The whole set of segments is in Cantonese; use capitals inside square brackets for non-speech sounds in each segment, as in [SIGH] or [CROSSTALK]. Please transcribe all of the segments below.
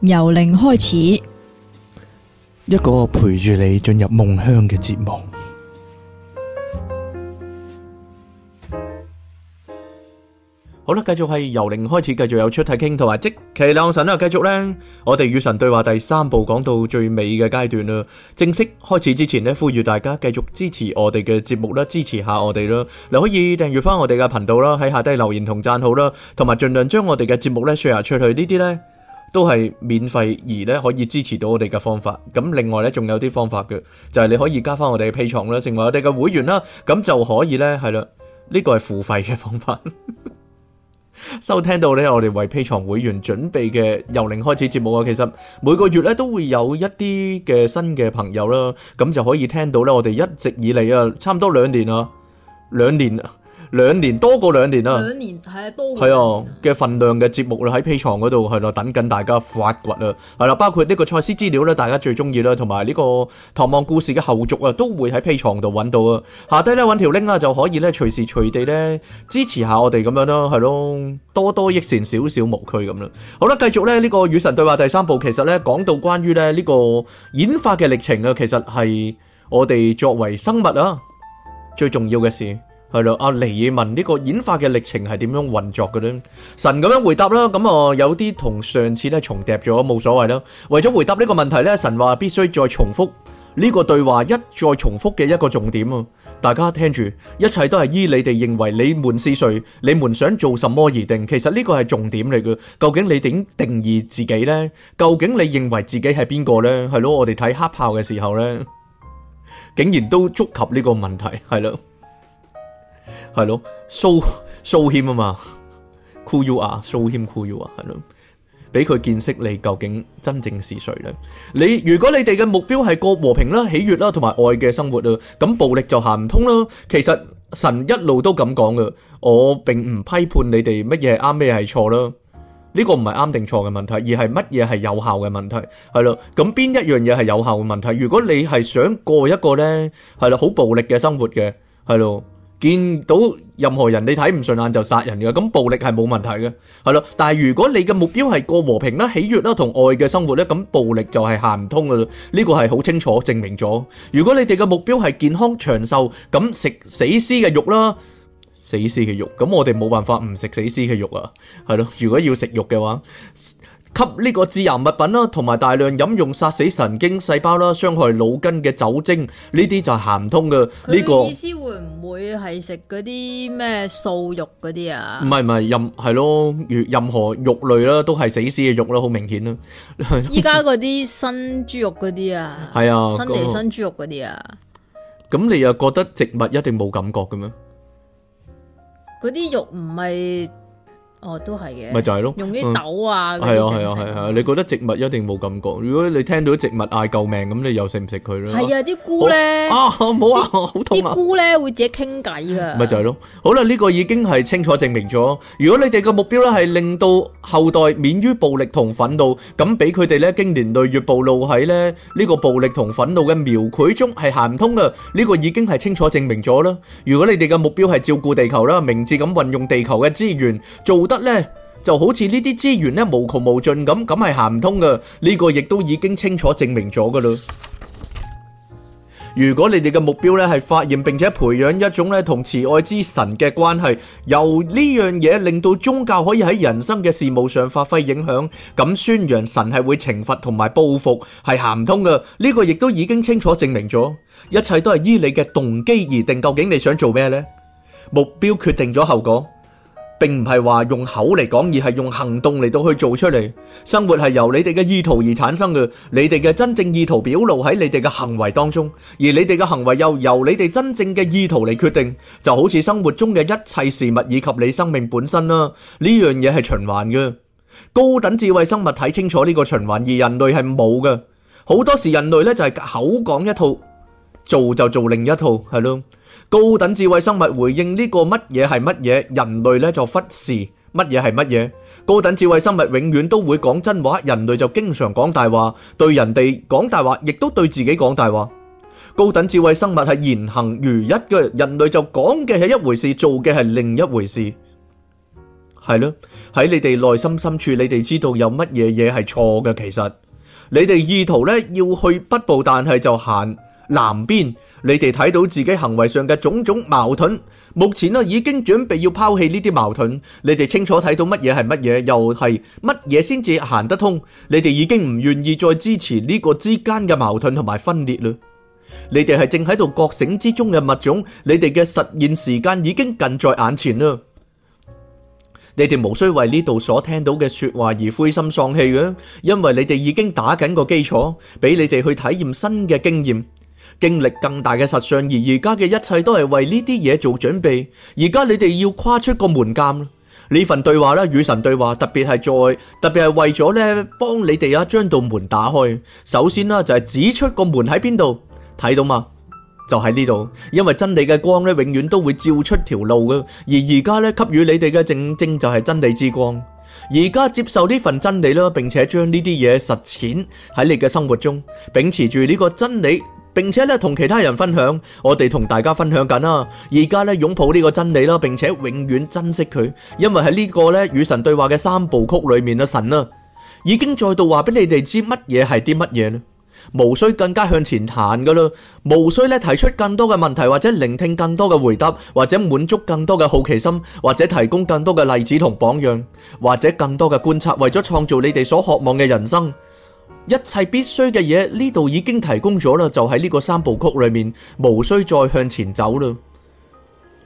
由零開始，一個陪住你進入夢鄉嘅節目。好啦，繼續係由零開始，繼續有出體傾同埋即其兩神啦。繼續呢，我哋與神對話第三部講到最尾嘅階段啦。正式開始之前呢，呼籲大家繼續支持我哋嘅節目啦，支持下我哋啦。你可以訂閱翻我哋嘅頻道啦，喺下低留言同讚好啦，同埋盡量將我哋嘅節目呢 share 出去呢啲呢。都係免費，而咧可以支持到我哋嘅方法。咁另外咧，仲有啲方法嘅，就係你可以加翻我哋嘅 Patreon 啦，成為我哋嘅會員啦，咁就可以咧，係啦。呢個係付費嘅方法。收聽到咧，我哋為 Patreon 會員準備嘅由零開始節目啊。其實每個月咧，都會有一啲嘅新嘅朋友啦，咁就可以聽到咧我哋一直以嚟啊，差唔多兩年啊，兩年。兩年多過兩年啦，兩年係啊，多過兩年嘅份量嘅節目啦，喺 Patreon 嗰度係啦，等緊大家發掘啊，係啦，包括呢個賽斯資料咧，大家最中意啦，同埋呢個唐望故事嘅後續啊，都會喺 Patreon 度揾到啊，下低咧揾條 link 啦，就可以咧隨時隨地咧支持下我哋咁樣咯，係咯、啊，多多益善，少少無拘咁啦。好啦，繼續咧呢、這個與神對話第三部，其實咧講到關於咧呢、這個演化嘅歷程啊，其實係我哋作為生物啊最重要嘅事。係咯，阿、啊、尼爾文呢個演化嘅歷程係點樣運作嘅呢？神咁樣回答啦，咁啊有啲同上次咧重疊咗，冇所謂啦。為咗回答呢個問題咧，神話必須再重複呢個對話一再重複嘅一個重點啊！大家聽住，一切都係依你哋認，認為你們是誰，你們想做什麼而定。其實呢個係重點嚟嘅，究竟你點定義自己呢？究竟你認為自己係邊個呢？係咯，我哋睇黑豹嘅時候呢，竟然都觸及呢個問題，係咯。係咯，蘇蘇謙啊嘛，酷要啊，蘇謙酷要啊，係咯，俾佢見識你究竟真正是誰啦。你如果你哋嘅目標係過和平啦、喜悅啦同埋愛嘅生活啊，咁暴力就行唔通啦。其實神一路都咁講嘅，我並唔批判你哋乜嘢係啱，咩係錯啦。呢個唔係啱定錯嘅問題，而係乜嘢係有效嘅問題。係咯，咁邊一樣嘢係有效嘅問題？如果你係想過一個咧，係啦，好暴力嘅生活嘅，係咯。見到任何人你睇唔順眼就殺人噶，咁暴力係冇問題嘅，係咯。但係如果你嘅目標係過和平啦、喜悅啦同愛嘅生活咧，咁暴力就係行唔通噶啦。呢個係好清楚證明咗。如果你哋嘅目標係健康長壽，咁食死屍嘅肉啦，死屍嘅肉，咁我哋冇辦法唔食死屍嘅肉啊，係咯。如果要食肉嘅話。吸呢個致癌物品啦，同埋大量飲用殺死神經細胞啦，傷害腦筋嘅酒精，呢啲就係行唔通嘅。呢個意思會唔會係食嗰啲咩素肉嗰啲啊？唔係唔係，任係咯，任任何肉類啦，都係死屍嘅肉啦，好明顯啦。依家嗰啲新豬肉嗰啲啊，係啊，新地新豬肉嗰啲啊。咁你又覺得植物一定冇感覺嘅咩？嗰啲肉唔係。哦，都係嘅，咪就係咯，用啲豆啊，係啊係啊係啊，你覺得植物一定冇感覺？如果你聽到植物嗌救命咁，你又食唔食佢咧？係啊，啲菇咧，啊唔好啊，好痛啊！啲菇咧會自己傾偈啊，咪就係咯。好啦，呢個已經係清楚證明咗。如果你哋嘅目標咧係令到後代免於暴力同憤怒，咁俾佢哋咧經年累月暴露喺咧呢個暴力同憤怒嘅描繪中係行唔通噶。呢個已經係清楚證明咗啦。如果你哋嘅目標係照顧地球啦，明智咁運用地球嘅資源，做得。咧就好似呢啲資源咧無窮無盡咁，咁係行唔通噶呢個亦都已經清楚證明咗噶啦。如果你哋嘅目標咧係發現並且培養一種咧同慈愛之神嘅關係，由呢樣嘢令到宗教可以喺人生嘅事務上發揮影響，咁宣揚神係會懲罰同埋報復，係行唔通噶。呢個亦都已經清楚證明咗，一切都係依你嘅動機而定。究竟你想做咩呢？目標決定咗後果。並唔係話用口嚟講，而係用行動嚟到去做出嚟。生活係由你哋嘅意圖而產生嘅，你哋嘅真正意圖表露喺你哋嘅行為當中，而你哋嘅行為又由你哋真正嘅意圖嚟決定。就好似生活中嘅一切事物以及你生命本身啦。呢樣嘢係循環嘅，高等智慧生物睇清楚呢個循環，而人類係冇嘅。好多時人類呢，就係口講一套，做就做另一套，係咯。高等智慧生物回應呢個乜嘢係乜嘢，人類咧就忽視乜嘢係乜嘢。高等智慧生物永遠都會講真話，人類就經常講大話，對人哋講大話，亦都對自己講大話。高等智慧生物係言行如一嘅，人類就講嘅係一回事，做嘅係另一回事。係咯，喺你哋內心深處，你哋知道有乜嘢嘢係錯嘅。其實你哋意圖咧要去不步，但係就行。南邊，你哋睇到自己行為上嘅種種矛盾，目前呢已經準備要拋棄呢啲矛盾。你哋清楚睇到乜嘢係乜嘢，又係乜嘢先至行得通？你哋已經唔願意再支持呢個之間嘅矛盾同埋分裂啦。你哋係正喺度覺醒之中嘅物種，你哋嘅實驗時間已經近在眼前啦。你哋無需為呢度所聽到嘅說話而灰心喪氣嘅，因為你哋已經打緊個基礎，俾你哋去體驗新嘅經驗。經歷更大嘅實相，而而家嘅一切都係為呢啲嘢做準備。而家你哋要跨出個門檻。呢份對話啦，與神對話，特別係在，特別係為咗咧，幫你哋啊將道門打開。首先啦、啊，就係、是、指出個門喺邊度，睇到嘛？就喺呢度，因為真理嘅光咧，永遠都會照出條路嘅。而而家咧，給予你哋嘅正正就係真理之光。而家接受呢份真理啦，並且將呢啲嘢實踐喺你嘅生活中，秉持住呢個真理。並且咧，同其他人分享，我哋同大家分享緊啦。而家咧，擁抱呢個真理啦，並且永遠珍惜佢，因為喺呢個咧與神對話嘅三部曲裏面啦，神啊已經再度話俾你哋知乜嘢係啲乜嘢咧。無需更加向前談噶啦，無需咧提出更多嘅問題，或者聆聽更多嘅回答，或者滿足更多嘅好奇心，或者提供更多嘅例子同榜樣，或者更多嘅觀察，為咗創造你哋所渴望嘅人生。一切必須嘅嘢呢度已經提供咗啦，就喺呢個三部曲裏面，無需再向前走啦。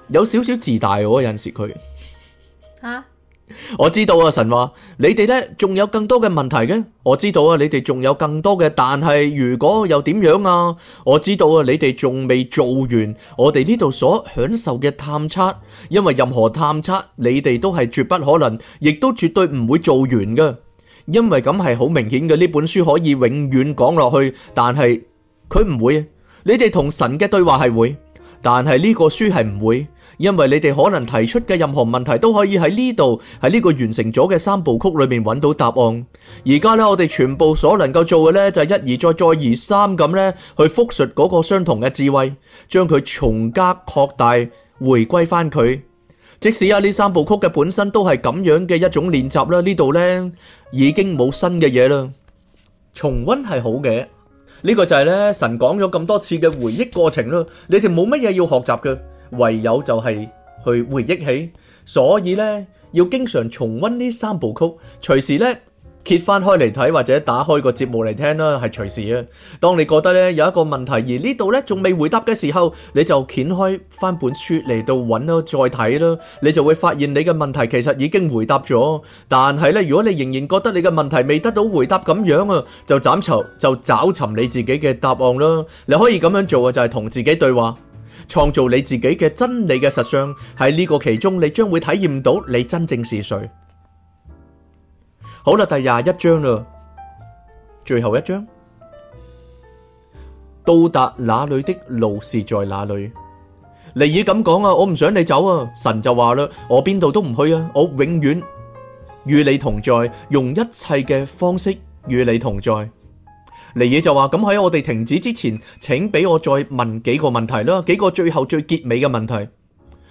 有少少自大、啊，我有陣時佢吓，我知道啊。神話你哋呢，仲有更多嘅問題嘅，我知道啊。你哋仲有更多嘅，但係如果又點樣啊？我知道啊，你哋仲未做完我哋呢度所享受嘅探測，因為任何探測你哋都係絕不可能，亦都絕對唔會做完噶。因為咁係好明顯嘅，呢本書可以永遠講落去，但係佢唔會。你哋同神嘅對話係會，但係呢個書係唔會，因為你哋可能提出嘅任何問題都可以喺呢度，喺呢個完成咗嘅三部曲裏面揾到答案。而家咧，我哋全部所能夠做嘅咧就係一而再，再而三咁咧去復述嗰個相同嘅智慧，將佢重加擴大，回歸翻佢。即使啊，呢三部曲嘅本身都係咁樣嘅一種練習啦，呢度咧已經冇新嘅嘢啦。重温係好嘅，呢個就係咧神講咗咁多次嘅回憶過程咯。你哋冇乜嘢要學習嘅，唯有就係去回憶起，所以咧要經常重温呢三部曲，隨時咧，揭翻開嚟睇，或者打開個節目嚟聽啦，係隨時啊！當你覺得咧有一個問題而呢度咧仲未回答嘅時候，你就掀開翻本書嚟度揾咯，再睇啦，你就會發現你嘅問題其實已經回答咗。但係咧，如果你仍然覺得你嘅問題未得到回答咁樣啊，就斬尋就找尋你自己嘅答案咯。你可以咁樣做啊，就係、是、同自己對話，創造你自己嘅真理嘅實相。喺呢個其中，你將會體驗到你真正是誰。好啦，第廿一章啦，最後一章，到達哪裏的路是在哪裏？尼爾咁講啊，我唔想你走啊，神就話啦，我邊度都唔去啊，我永遠與你同在，用一切嘅方式與你同在。尼爾就話咁，喺我哋停止之前，請俾我再問幾個問題啦，幾個最後最結尾嘅問題。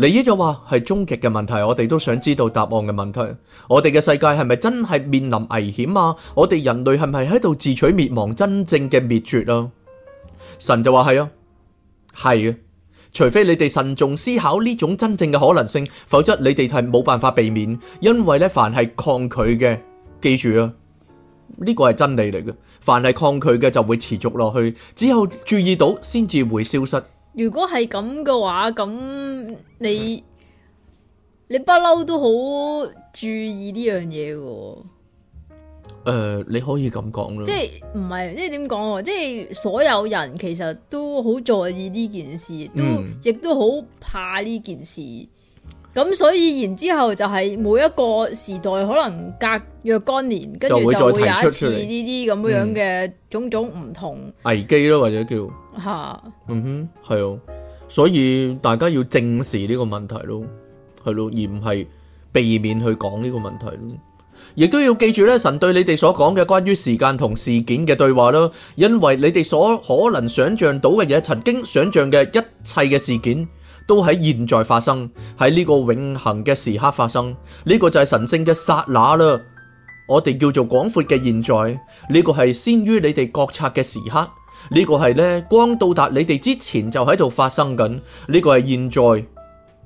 你呢就話係終極嘅問題，我哋都想知道答案嘅問題。我哋嘅世界係咪真係面臨危險啊？我哋人類係咪喺度自取滅亡？真正嘅滅絕啊！神就話係啊，係啊，除非你哋慎重思考呢種真正嘅可能性，否則你哋係冇辦法避免。因為咧，凡係抗拒嘅，記住啊，呢個係真理嚟嘅。凡係抗拒嘅，就會持續落去。只有注意到，先至會消失。如果係咁嘅話，咁你、嗯、你不嬲都好注意呢樣嘢嘅。誒、呃，你可以咁講啦。即係唔係？即係點講？即係所有人其實都好在意呢件事，都亦、嗯、都好怕呢件事。咁所以然之後就係每一個時代可能隔若干年，跟住就,就會有一次呢啲咁樣嘅、嗯、種種唔同危機咯，或者叫吓，哈嗯哼係哦，所以大家要正視呢個問題咯，係咯，而唔係避免去講呢個問題咯，亦都要記住咧，神對你哋所講嘅關於時間同事件嘅對話咯，因為你哋所可能想象到嘅嘢，曾經想象嘅一切嘅事件。都喺現在發生，喺呢個永恆嘅時刻發生，呢個就係神聖嘅剎那啦。我哋叫做廣闊嘅現在，呢個係先於你哋覺察嘅時刻，呢個係呢，光到達你哋之前就喺度發生緊，呢個係現在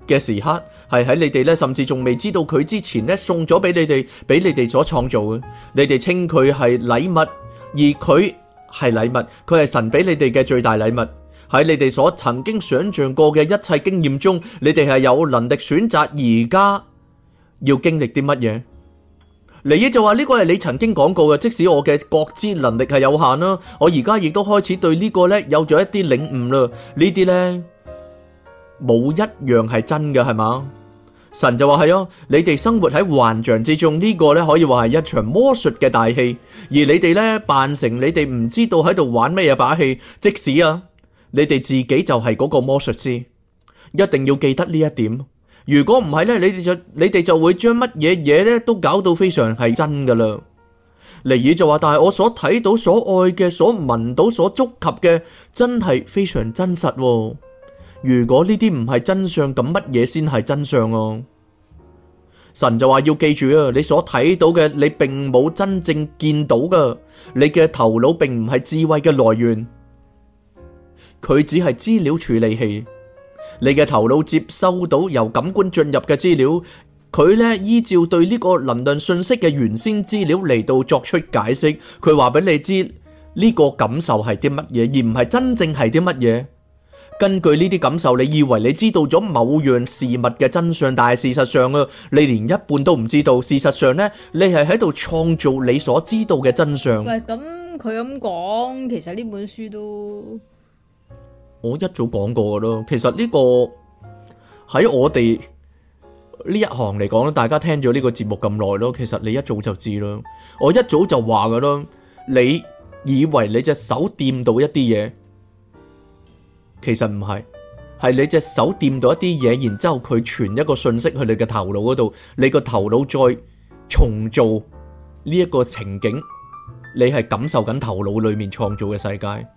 嘅時刻，係喺你哋呢甚至仲未知道佢之前呢，送咗俾你哋，俾你哋所創造嘅，你哋稱佢係禮物，而佢係禮物，佢係神俾你哋嘅最大禮物。喺你哋所曾經想象過嘅一切經驗中，你哋係有能力選擇而家要經歷啲乜嘢？尼爾就話呢、這個係你曾經講過嘅，即使我嘅覺知能力係有限啦，我而家亦都開始對呢個呢有咗一啲領悟啦。呢啲呢冇一樣係真嘅，係嘛？神就話係咯，你哋生活喺幻象之中呢、這個呢可以話係一場魔術嘅大戲，而你哋呢扮成你哋唔知道喺度玩咩嘢把戲，即使啊。你哋自己就係嗰個魔術師，一定要記得呢一點。如果唔係呢，你哋就你哋就會將乜嘢嘢咧，都搞到非常係真噶啦。尼爾就話：但係我所睇到，所愛嘅、所聞到、所觸及嘅，真係非常真實哦。如果呢啲唔係真相，咁乜嘢先係真相啊？神就話：要記住啊，你所睇到嘅，你並冇真正見到噶，你嘅頭腦並唔係智慧嘅來源。佢只係資料處理器，你嘅頭腦接收到由感官進入嘅資料，佢呢，依照對呢個能量信息嘅原先資料嚟到作出解釋。佢話俾你知呢個感受係啲乜嘢，而唔係真正係啲乜嘢。根據呢啲感受，你以為你知道咗某樣事物嘅真相，但係事實上啊，你連一半都唔知道。事實上呢，你係喺度創造你所知道嘅真相。喂，咁佢咁講，其實呢本書都。我一早講過咯，其實呢個喺我哋呢一行嚟講，大家聽咗呢個節目咁耐咯，其實你一早就知咯，我一早就話噶啦，你以為你隻手掂到一啲嘢，其實唔係，係你隻手掂到一啲嘢，然之後佢傳一個信息去你嘅頭腦嗰度，你個頭腦再重做呢一個情景，你係感受緊頭腦裏面創造嘅世界。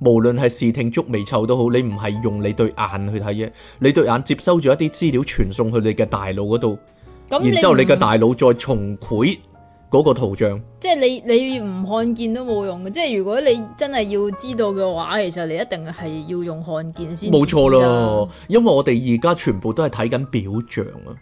無論係視聽觸味嗅都好，你唔係用你對眼去睇嘢。你對眼接收咗一啲資料，傳送去你嘅大腦嗰度，然之後你嘅大腦再重繪嗰個圖像。即係你你唔看見都冇用嘅，即係如果你真係要知道嘅話，其實你一定係要用看見先。冇錯咯，因為我哋而家全部都係睇緊表象啊。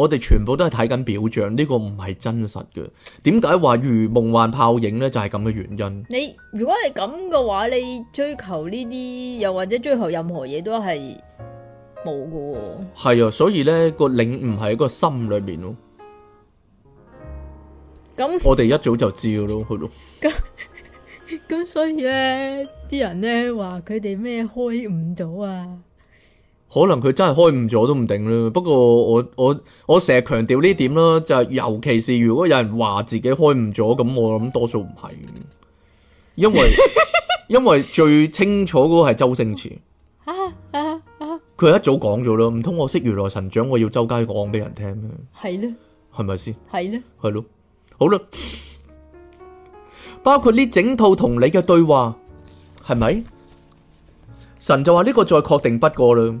我哋全部都係睇緊表象，呢、這個唔係真實嘅。點解話如夢幻泡影呢？就係咁嘅原因。你如果係咁嘅話，你追求呢啲，又或者追求任何嘢都係冇嘅。係啊，所以呢個領悟喺個心裏面咯。咁那 我哋一早就知嘅咯，去咯 [LAUGHS] 那。咁 [LAUGHS] 所以呢啲人呢，話佢哋咩開唔到啊？可能佢真係開唔咗都唔定啦。不過我我我成日強調呢點啦，就係尤其是如果有人話自己開唔咗，咁我諗多數唔係，因為因為最清楚嗰個係周星馳啊啊啊！佢係一早講咗啦，唔通我識如來神掌，我要周街講俾人聽咩？係咧，係咪先？係咧，係咯，好啦，包括呢整套同你嘅對話，係咪？神就話呢個再確定不過啦。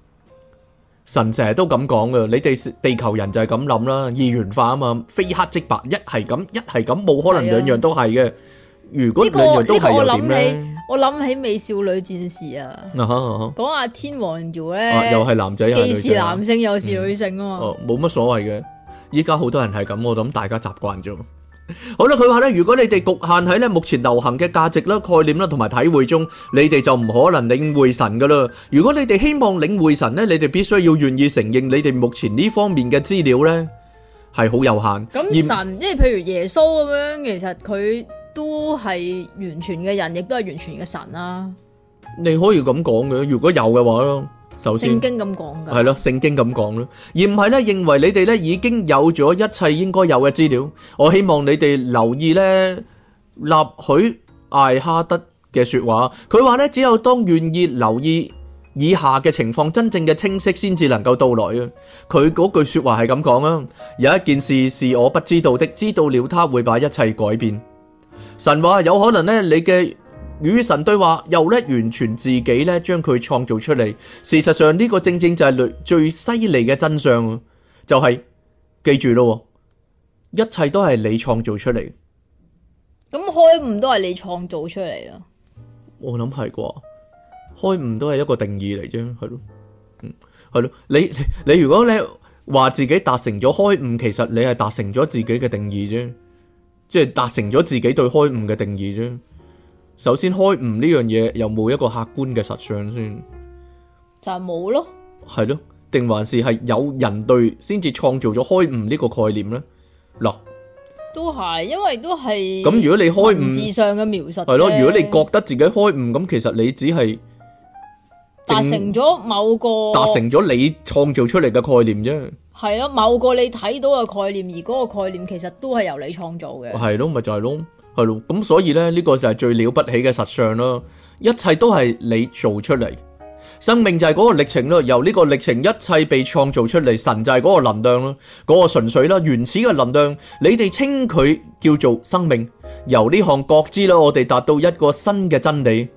神成日都咁講噶，你哋地球人就係咁諗啦，二元化啊嘛，非黑即白，一係咁，一係咁，冇可能兩樣都係嘅。如果兩樣都係點咧？我諗起美少女戰士啊，講下天王遙咧，又係男仔，既是男性又是女性啊嘛，冇乜所謂嘅。依家好多人係咁，我諗大家習慣咗。好啦，佢話咧，如果你哋局限喺咧目前流行嘅價值啦、概念啦同埋體會中，你哋就唔可能領會神噶啦。如果你哋希望領會神咧，你哋必須要願意承認你哋目前呢方面嘅資料咧係好有限。咁神，即係譬如耶穌咁樣，其實佢都係完全嘅人，亦都係完全嘅神啦。你可以咁講嘅，如果有嘅話咯。聖經咁講噶，係咯，聖經咁講咯，而唔係咧認為你哋咧已經有咗一切應該有嘅資料。我希望你哋留意咧，立許艾哈德嘅說話，佢話咧只有當願意留意以下嘅情況，真正嘅清晰先至能夠到來啊。佢嗰句說話係咁講啊，有一件事是我不知道的，知道了他會把一切改變。神話有可能咧，你嘅。與神對話，又咧完全自己咧將佢創造出嚟。事實上呢個正正就係最犀利嘅真相，啊，就係、是、記住咯，一切都係你創造出嚟。咁開悟都係你創造出嚟啊？我諗係啩，開悟都係一個定義嚟啫，係咯，係咯。你你，你如果你話自己達成咗開悟，其實你係達成咗自己嘅定義啫，即係達成咗自己對開悟嘅定義啫。首先，開悟呢樣嘢有冇一個客觀嘅實相先？就冇咯。係咯，定還是係有人對先至創造咗開悟呢個概念呢？嗱，都係，因為都係咁。如果你開悟，文字上嘅描述係咯。如果你覺得自己開悟，咁其實你只係達成咗某個達成咗你創造出嚟嘅概念啫。係咯，某個你睇到嘅概念，而嗰個概念其實都係由你創造嘅。係咯，咪就係咯。係咯，咁所以咧，呢個就係最了不起嘅實相咯。一切都係你做出嚟，生命就係嗰個歷程咯。由呢個歷程一切被創造出嚟，神就係嗰個能量咯，嗰個純粹啦，原始嘅能量。你哋稱佢叫做生命。由呢項覺知啦，我哋達到一個新嘅真理。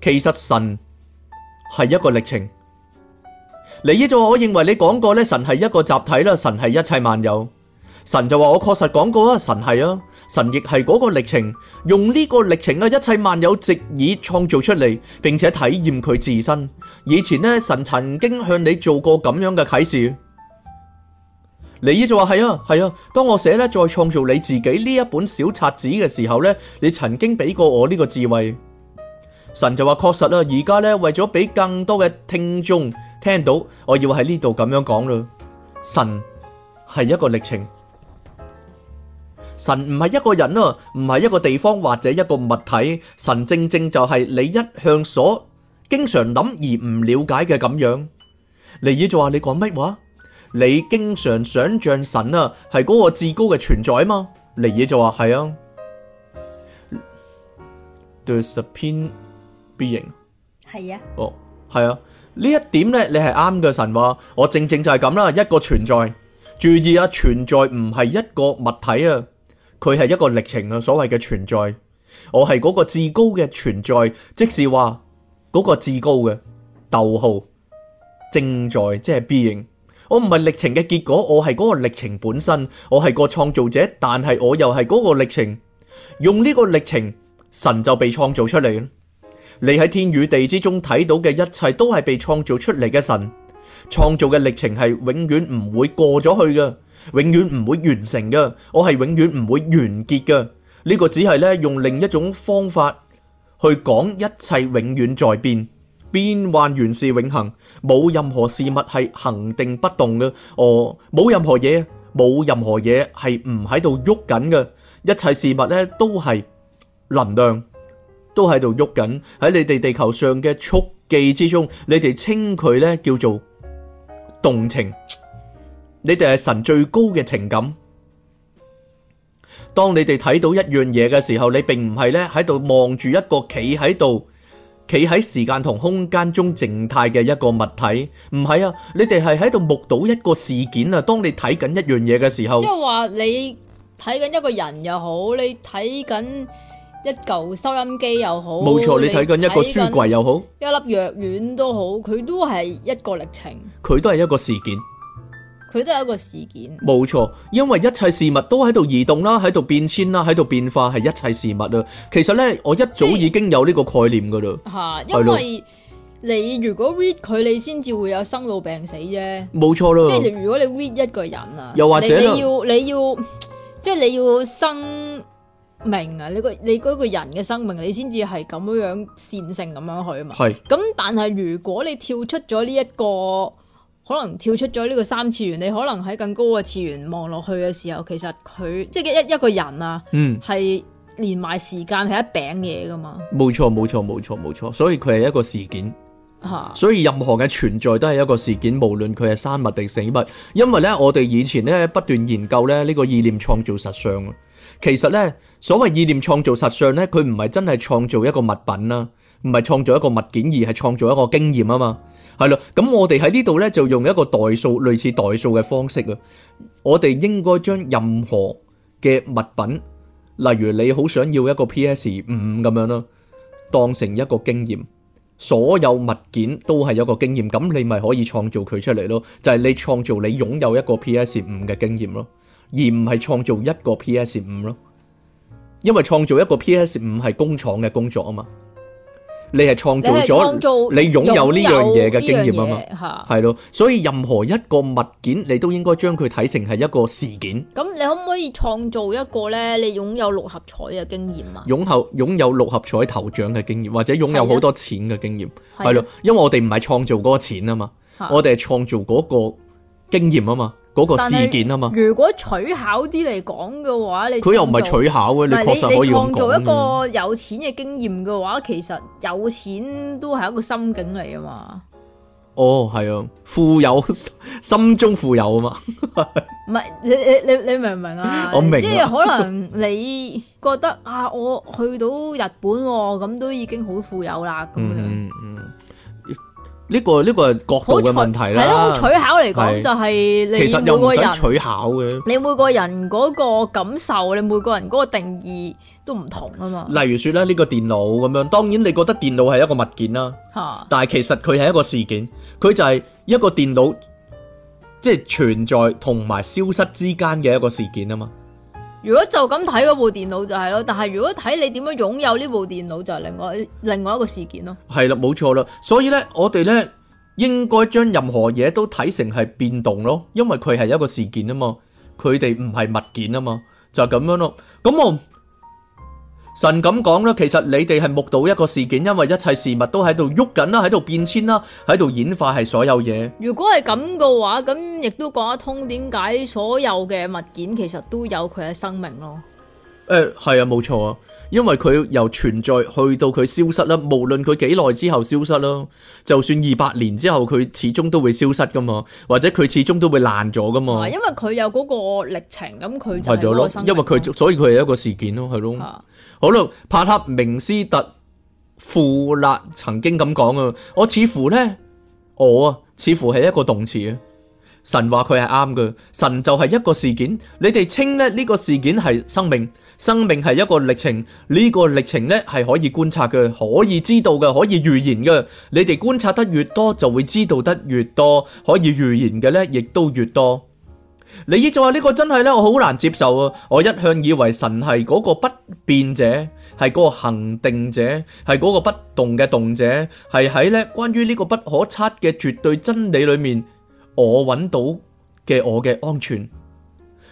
其實神係一個歷程。你呢就我認為你講過咧，神係一個集體啦，神係一切萬有。神就話：我確實講過啊，神係啊，神亦係嗰個歷程，用呢個歷程啊一切萬有藉以創造出嚟，並且體驗佢自身。以前呢，神曾經向你做過咁樣嘅啟示。你依就話係啊，係啊,啊，當我寫咧再創造你自己呢一本小冊子嘅時候呢，你曾經俾過我呢個智慧。神就話：確實啦、啊，而家呢，為咗俾更多嘅聽眾聽到，我要喺呢度咁樣講咯。神係一個歷程。神唔係一個人啊，唔係一個地方或者一個物體，神正正就係你一向所經常諗而唔了解嘅咁樣。尼爾就話：你講乜話？你經常想象神啊係嗰個至高嘅存在啊嘛？尼爾就話：係啊，對，The Supreme Being，係啊，哦係啊，呢一點咧，你係啱嘅。神話：我正正就係咁啦，一個存在。注意啊，存在唔係一個物體啊。佢係一個歷程啊，所謂嘅存在，我係嗰個至高嘅存在，即是話嗰個至高嘅，逗號正在即係 being。我唔係歷程嘅結果，我係嗰個歷程本身，我係個創造者，但係我又係嗰個歷程，用呢個歷程，神就被創造出嚟。你喺天與地之中睇到嘅一切都係被創造出嚟嘅神。創造嘅歷程係永遠唔會過咗去嘅。永遠唔會完成嘅，我係永遠唔會完結嘅。呢、這個只係咧用另一種方法去講，一切永遠在變，變幻原是永恒，冇任何事物係恒定不動嘅。哦，冇任何嘢，冇任何嘢係唔喺度喐緊嘅。一切事物咧都係能量，都喺度喐緊。喺你哋地球上嘅速記之中，你哋稱佢咧叫做動情。你哋係神最高嘅情感。當你哋睇到一樣嘢嘅時候，你並唔係咧喺度望住一個企喺度，企喺時間同空間中靜態嘅一個物體。唔係啊，你哋係喺度目睹一個事件啊。當你睇緊一樣嘢嘅時候，即係話你睇緊一個人又好，你睇緊一舊收音機又好，冇錯，你睇緊一個書櫃又好，一粒藥丸都好，佢都係一個歷程，佢都係一個事件。佢都係一個事件，冇錯，因為一切事物都喺度移動啦，喺度變遷啦，喺度變化係一切事物啊。其實呢，我一早已經有呢個概念噶啦。嚇，因為你如果 read 佢，你先至會有生老病死啫。冇錯囉，即係如果你 read 一個人啊，又或者你，你要你要即係你要生命啊，你，你個你嗰個人嘅生命，你先至係咁樣樣善性咁樣去啊嘛。係是。咁但係如果你跳出咗呢一個。可能跳出咗呢個三次元，你可能喺更高嘅次元望落去嘅時候，其實佢即係一一個人啊，係、嗯、連埋時間係一餅嘢㗎嘛。冇錯冇錯冇錯冇錯，所以佢係一個事件。吓、啊，所以任何嘅存在都係一個事件，無論佢係生物定死物。因為呢，我哋以前呢不斷研究咧呢、呢個意念創造實相。其實呢，所謂意念創造實相呢，佢唔係真係創造一個物品啦，唔係創造一個物件而係創造一個經驗啊嘛。係咯，咁我哋喺呢度咧就用一個代數，類似代數嘅方式啊。我哋應該將任何嘅物品，例如你好想要一個 PS5 咁樣咯，當成一個經驗。所有物件都係有一個經驗，咁你咪可以創造佢出嚟咯。就係你創造你擁有一個 PS5 嘅經驗咯，而唔係創造一個 PS5 咯。因為創造一個 PS5 係工廠嘅工作啊嘛。你係創造咗，你擁有呢樣嘢嘅經驗啊嘛，係咯，所以任何一個物件，你都應該將佢睇成係一個事件。咁你可唔可以創造一個咧？你擁有六合彩嘅經驗啊，擁有擁有六合彩頭獎嘅經驗，或者擁有好多錢嘅經驗，係咯，的因為我哋唔係創造嗰個錢啊嘛，的我哋係創造嗰個經驗啊嘛。嗰個事件啊嘛，如果取巧啲嚟講嘅話，你佢又唔係取巧嘅，你確實可以講。唔係，你你創造一個有錢嘅經驗嘅話，其實有錢都係一個心境嚟啊嘛。哦，係啊，富有，心中富有啊嘛。唔 [LAUGHS] 係你你你你明唔明啊？我明。即係可能你覺得啊，我去到日本喎，咁都已經好富有啦，咁樣、嗯。嗯。呢個呢個係角度嘅問題啦。係咯，取巧嚟講就係你每個人取巧嘅。你每個人嗰個感受，你每個人嗰個定義都唔同啊嘛。例如說咧，呢個電腦咁樣，當然你覺得電腦係一個物件啦。嚇！但係其實佢係一個事件，佢就係一個電腦即係存在同埋消失之間嘅一個事件啊嘛。如果就咁睇嗰部電腦就係咯，但係如果睇你點樣擁有呢部電腦就係另外另外一個事件咯。係啦，冇錯啦，所以咧我哋咧應該將任何嘢都睇成係變動咯，因為佢係一個事件啊嘛，佢哋唔係物件啊嘛，就係咁樣咯。咁，神咁講咯，其實你哋係目睹一個事件，因為一切事物都喺度喐緊啦，喺度變遷啦，喺度演化係所有嘢。如果係咁嘅話，咁亦都講得通，點解所有嘅物件其實都有佢嘅生命咯。誒，係、欸、啊，冇錯啊，因為佢由存在去到佢消失啦，無論佢幾耐之後消失啦，就算二百年之後，佢始終都會消失噶嘛，或者佢始終都會爛咗噶嘛、啊。因為佢有嗰個歷程，咁佢就係、啊、因為佢，所以佢係一個事件咯、啊，係咯。啊、好啦，帕克明斯特富勒曾經咁講啊，我似乎咧，我啊似乎係一個動詞啊。神話佢係啱噶，神就係一個事件，你哋稱咧呢個事件係生命。生命係一個歷程，呢、呢個歷程呢係可以觀察嘅，可以知道嘅，可以預言嘅。你哋觀察得越多，就會知道得越多，可以預言嘅呢亦都越多。你呢就話呢個真係呢，我好難接受啊！我一向以為神係嗰個不變者，係嗰個恆定者，係嗰個不動嘅動者，係喺呢關於呢個不可測嘅絕對真理裏面，我揾到嘅我嘅安全。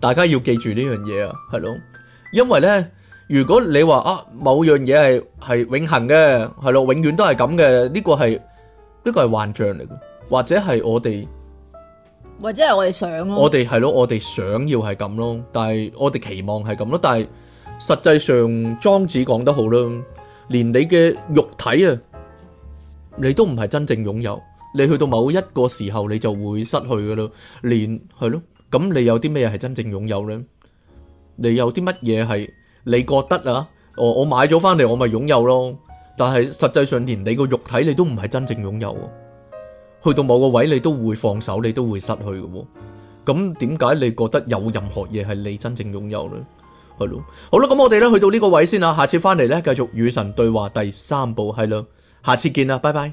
大家要記住呢樣嘢啊，係咯，因為咧，如果你話啊某樣嘢係係永恆嘅，係咯，永遠都係咁嘅，呢個係呢個係幻象嚟嘅，或者係我哋，或者係我哋想咯，我哋係咯，我哋想要係咁咯，但係我哋期望係咁咯，但係實際上莊子講得好啦，連你嘅肉體啊，你都唔係真正擁有，你去到某一個時候，你就會失去噶啦，連，係咯。咁你有啲咩係真正擁有呢？你有啲乜嘢係你覺得啊、哦？我我買咗翻嚟，我咪擁有咯。但係實際上連你個肉體你都唔係真正擁有。去到某個位你都會放手，你都會失去嘅。咁點解你覺得有任何嘢係你真正擁有呢？係咯，好啦，咁我哋咧去到呢個位先啦。下次翻嚟咧，繼續與神對話第三部係咯。下次見啦，拜拜。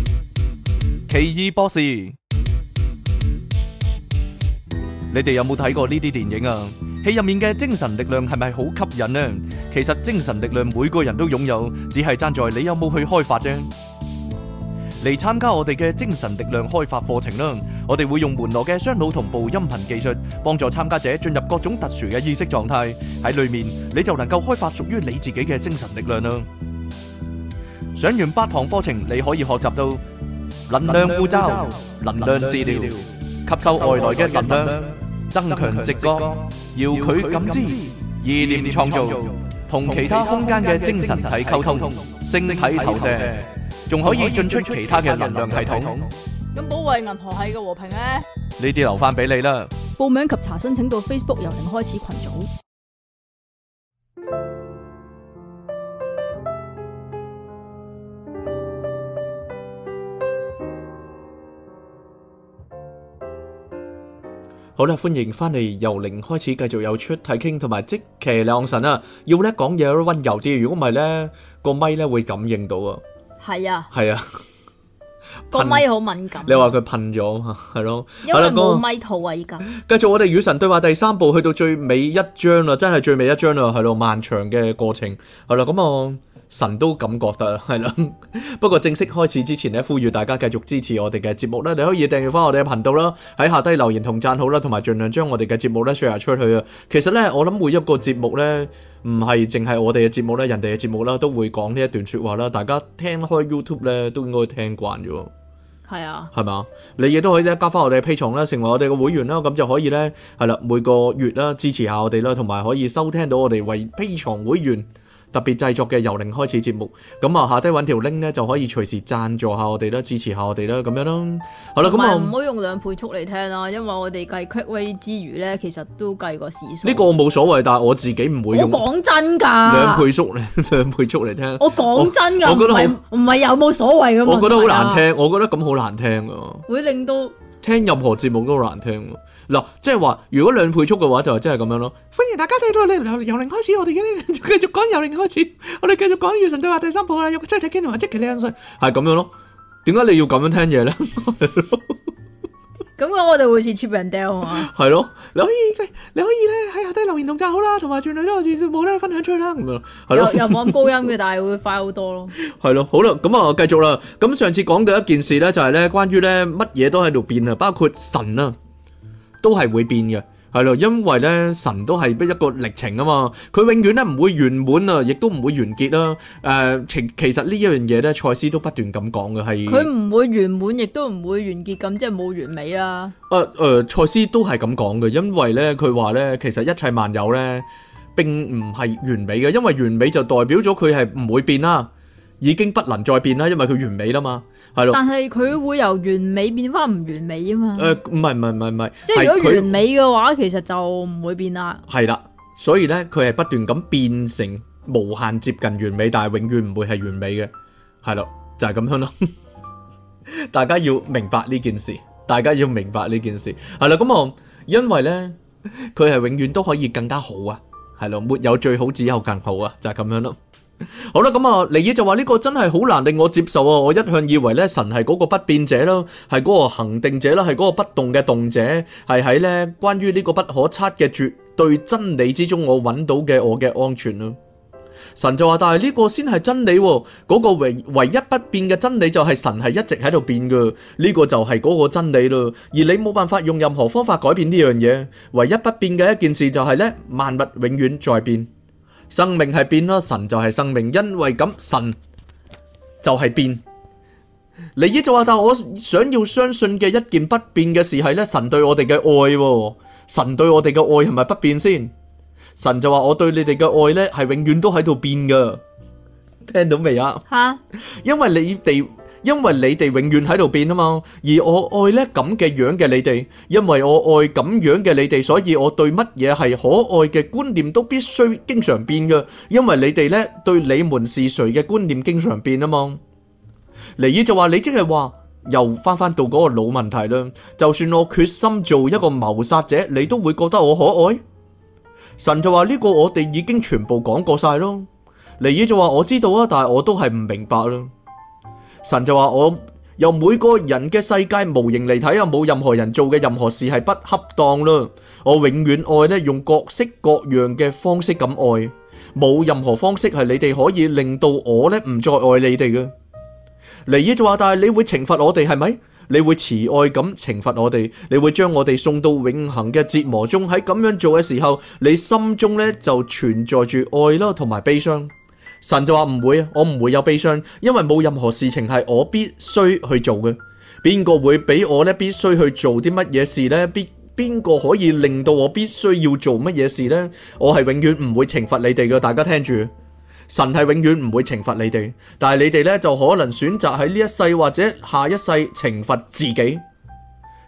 奇異博士，你哋有冇睇過呢啲電影啊？戲入面嘅精神力量係咪好吸引呢？其實精神力量每個人都擁有，只係站在你有冇去開發啫。嚟參加我哋嘅精神力量開發課程啦！我哋會用門羅嘅雙腦同步音頻技術，幫助參加者進入各種特殊嘅意識狀態，喺裏面你就能夠開發屬於你自己嘅精神力量啦。上完八堂課程，你可以學習到。能量符咒、能量治療、吸收外來嘅能量、增強直覺、要佢感知、意念創造、同其他空間嘅精神體溝通、星體投射，仲可以進出其他嘅能量系統。咁保衛銀河系嘅和平咧？呢啲留翻俾你啦。報名及查詢請到 Facebook 由零開始群組。好啦，歡迎翻嚟由零開始，繼續有出睇傾，同埋即期兩神啊！要咧講嘢都溫柔啲，如果唔係咧個咪咧會感應到啊。係啊，係啊，個噴咪，咪好敏感，啊。你話佢噴咗嘛？係咯，啊，因為冇咪套啊，而家。繼續我哋與神對話第三部，去到最尾一章啦，真係最尾一章啦，去到、啊、漫長嘅過程。係啦，咁啊。 [LAUGHS] 神都感覺得係啦， [LAUGHS] 不過正式開始之前咧，呼籲大家繼續支持我哋嘅節目啦！你可以訂閱翻我哋嘅頻道啦，喺下低留言同贊好啦，同埋儘量將我哋嘅節目咧 share 出去啊！其實咧，我諗每一個節目咧，唔係淨係我哋嘅節目咧，人哋嘅節目啦都會講呢一段説話啦，大家聽開 YouTube 咧都應該聽慣咗，係啊，係嘛？你亦都可以咧加翻我哋嘅 P 場啦，成為我哋嘅會員啦，咁就可以咧係啦每個月啦支持下我哋啦，同埋可以收聽到我哋為 P 場會員，特別製作嘅由零開始節目，咁、嗯、啊下低揾條 link 咧就可以隨時贊助下我哋啦，支持下我哋啦，咁樣咯。好啦有，咁啊唔好用兩倍速嚟聽啦、啊，因為我哋計 quick way 之餘咧，其實都計過時數。呢個冇所謂，但係我自己唔會用我。我講真㗎。兩倍速嚟，兩倍速嚟聽。我講真㗎，我覺得好唔係有冇所謂嘅問題，我覺得好難聽，啊、我覺得咁好難聽啊！會令到聽任何節目都好難聽、啊嗱，即係話如果兩倍速嘅話，就真即係咁樣咯。歡迎大家睇到你由零開始，我哋而家呢繼續講由零開始，我哋繼續講《與神對話》第三部啦。有個真係聽到我即刻靚聲，係咁樣咯。點解你要咁樣聽嘢咧？咁 [LAUGHS] 我哋會似 cheap and deal 啊？係咯，你可以，你，你可以喺下底留言同贊好啦，同埋轉女都我字冇咧分享出去啦。咁啊，係咯，又冇咁高音嘅， [LAUGHS] 但係會快好多咯。係咯，好啦，咁、嗯、啊，繼續啦。咁上次講嘅一件事咧，就係咧關於咧乜嘢都喺度變啊，包括神啊。都係會變嘅，係咯，因為咧神都係不一個歷程啊嘛，佢永遠咧唔會圓滿啊，亦都唔會完結啦、啊。誒、呃，其其實呢一樣嘢咧，賽斯都不斷咁講嘅係。佢唔會圓滿，亦都唔會完結，咁即係冇完美啦。誒誒、呃，賽、呃、斯都係咁講嘅，因為咧佢話咧，其實一切萬有咧，並唔係完美嘅，因為完美就代表咗佢係唔會變啦、啊。已經不能再變啦，因為佢完美啦嘛，係咯。但係佢會由完美變翻唔完美啊嘛。誒、呃，唔係唔係唔係唔係，即係佢如果完美嘅話，其實就唔會變啦。係啦，所以咧，佢係不斷咁變成無限接近完美，但係永遠唔會係完美嘅，係咯，就係咁樣咯。 [LAUGHS] 大家要明白呢件事，大家要明白呢件事，係啦。咁我因為咧，佢係永遠都可以更加好啊，係咯，沒有最好，只有更好啊，就係咁樣咯。 [LAUGHS] 好啦，咁啊，尼爾就話呢個真係好難令我接受啊！我一向以為呢，神係嗰個不變者啦，係嗰個恆定者啦，係嗰個不動嘅動者，係喺呢關於呢個不可測嘅絕對真理之中，我揾到嘅我嘅安全咯。神就話，但係呢個先係真理啊，嗰個唯唯一不變嘅真理就係神係一直喺度變噶，呢個就係嗰個真理啦。而你冇辦法用任何方法改變呢樣嘢，唯一不變嘅一件事就係呢：萬物永遠在變。生命係變咯，神就係生命，因為咁神就係變。你姨就話，但我想要相信嘅一件不變嘅事係咧，神對我哋嘅愛，神對我哋嘅愛係咪不變先？神就話我對你哋嘅愛咧，係永遠都喺度變噶。聽到未啊？吓，因為你哋。因為你哋永遠喺度變啊嘛，而我愛呢咁嘅樣嘅你哋，因為我愛咁樣嘅你哋，所以我對乜嘢係可愛嘅觀念都必須經常變噶。因為你哋呢對你們是誰嘅觀念經常變啊嘛。尼爾就話你即係話又翻翻到嗰個老問題啦。就算我決心做一個謀殺者，你都會覺得我可愛。神就話呢個我哋已經全部講過晒咯。尼爾就話我知道啊，但係我都係唔明白啦。神就話，我由每個人嘅世界模型嚟睇啊，冇任何人做嘅任何事係不恰當咯。我永遠愛咧，用各式各樣嘅方式咁愛，冇任何方式係你哋可以令到我咧唔再愛你哋㗎。尼爾就話，但係你會懲罰我哋係咪？你會慈愛咁懲罰我哋？你會將我哋送到永恆嘅折磨中？喺咁樣做嘅時候，你心中咧就存在住愛咯，同埋悲傷。神就話唔會啊，我唔會有悲傷，因為冇任何事情係我必須去做嘅。邊個會俾我咧必須去做啲乜嘢事咧？必邊個可以令到我必須要做乜嘢事咧？我係永遠唔會懲罰你哋嘅，大家聽住，神係永遠唔會懲罰你哋，但係你哋咧就可能選擇喺呢一世或者下一世懲罰自己，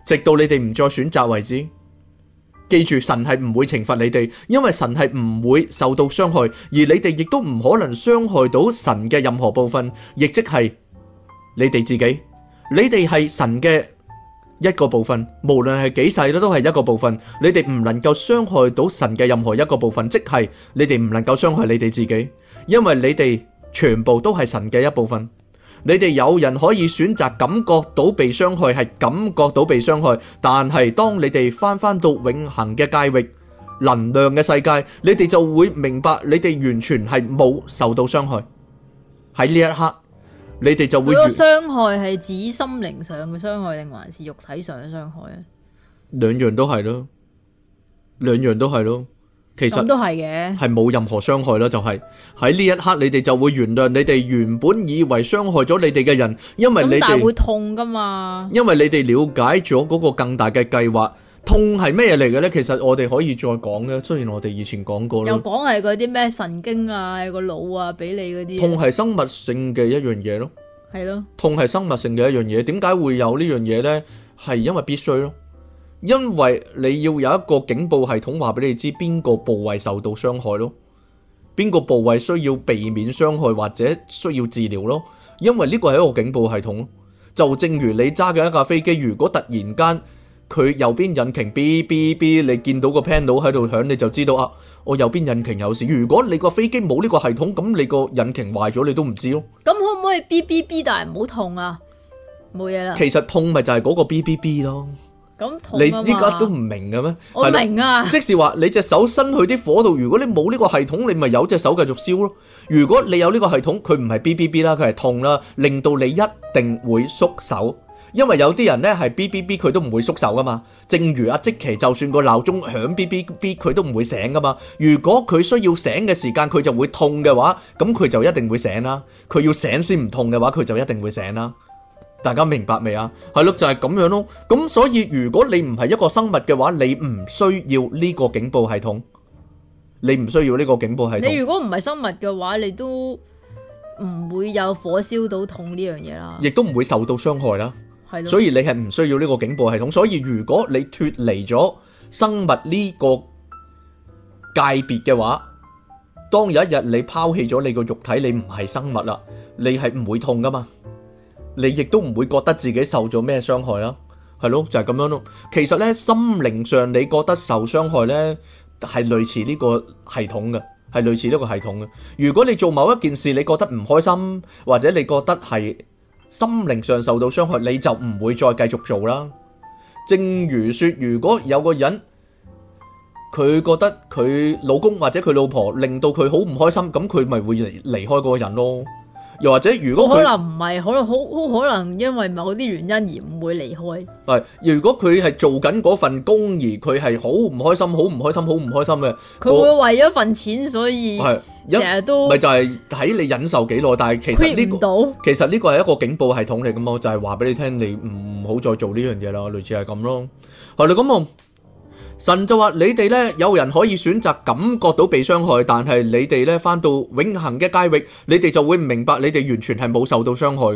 直到你哋唔再選擇為止。記住，神係唔會懲罰你哋，因為神係唔會受到傷害，而你哋亦都唔可能傷害到神嘅任何部分，亦即係你哋自己。你哋係神嘅一個部分，無論係幾細都都係一個部分。你哋唔能夠傷害到神嘅任何一個部分，即係你哋唔能夠傷害你哋自己，因為你哋全部都係神嘅一部分。你哋有人可以選擇感覺到被傷害，係感覺到被傷害。但係當你哋翻返到永恆嘅界域，能量嘅世界，你哋就會明白，你哋完全係冇受到傷害。喺呢一刻，你哋就會。呢個傷害係指心靈上嘅傷害，定還是肉體上嘅傷害啊？兩樣都係咯，兩樣都係咯。其實都係嘅，係冇任何傷害啦，就係喺呢一刻你哋就會原諒你哋原本以為傷害咗你哋嘅人，因為你哋係會痛噶嘛？因為你哋了解咗嗰個更大嘅計劃，痛係咩嘢嚟嘅咧？其實我哋可以再講嘅，雖然我哋以前講過啦。又講係嗰啲咩神經啊，個腦啊，俾你嗰啲痛係生物性嘅一樣嘢咯，係咯的，痛係生物性嘅一樣嘢，點解會有呢樣嘢咧？係因為必須咯。因為你要有一個警報系統話俾你知邊個部位受到傷害咯，邊個部位需要避免傷害或者需要治療咯。因為呢個係一個警報系統咯，就正如你揸緊一架飛機，如果突然間佢右邊引擎 BBB，你見到個 panel 喺度響，你就知道啊，我右邊引擎有事。如果你個飛機冇呢個系統，咁你個引擎壞咗你都唔知咯。咁可唔可以 BBB？但係唔好痛啊？冇嘢啦。其實痛咪就係嗰個 BBB 咯。你依家都唔明嘅咩？我明啊！即係話你隻手伸去啲火度，如果你冇呢個系統，你咪有隻手繼續燒咯。如果你有呢個系統，佢唔係嗶嗶嗶啦，佢係痛啦，令到你一定會縮手。因為有啲人呢係嗶嗶嗶，佢都唔會縮手噶嘛正如阿即期，就算個鬧鐘響嗶嗶嗶，佢都唔會醒噶嘛如果佢需要醒嘅時間，佢就會痛嘅話，咁佢就一定會醒啦。佢要醒先唔痛嘅話，佢就一定會醒啦。大家明白未啊？係咯，就係咁樣咯。咁所以如果你唔係一個生物嘅話，你唔需要呢個警報系統，你唔需要呢個警報系統。你如果唔係生物嘅話，你都唔會有火燒到痛呢樣嘢啦，亦都唔會受到傷害啦。係咯，所以你係唔需要呢個警報系統。所以如果你脫離咗生物呢個界別嘅話，當有一日你拋棄咗你個肉體，你唔係生物啦，你係唔會痛噶嘛。你亦都唔會覺得自己受咗咩傷害啦，係咯，就係咁樣咯。其實呢，心靈上你覺得受傷害呢，係類似呢個系統嘅，係類似呢個系統嘅。如果你做某一件事，你覺得唔開心，或者你覺得係心靈上受到傷害，你就唔會再繼續做啦。正如說，如果有個人佢覺得佢老公或者佢老婆令到佢好唔開心，咁佢咪會離離開嗰個人咯。又或者，如果可能唔係，可能好好可能因為某啲原因而唔會離開。係，如果佢係做緊嗰份工而佢係好唔開心，好唔開心，好唔開心嘅，佢會為咗份錢所以係成日都唔係就係睇你忍受幾耐，但係其實呢個其實呢個係一個警報系統嚟嘅嘛，就係話俾你聽，你唔好再做呢樣嘢啦，類似係咁咯。係你咁啊？神就話：你哋呢，有人可以選擇感覺到被傷害，但係你哋呢翻到永恒嘅界域，你哋就會唔明白，你哋完全係冇受到傷害。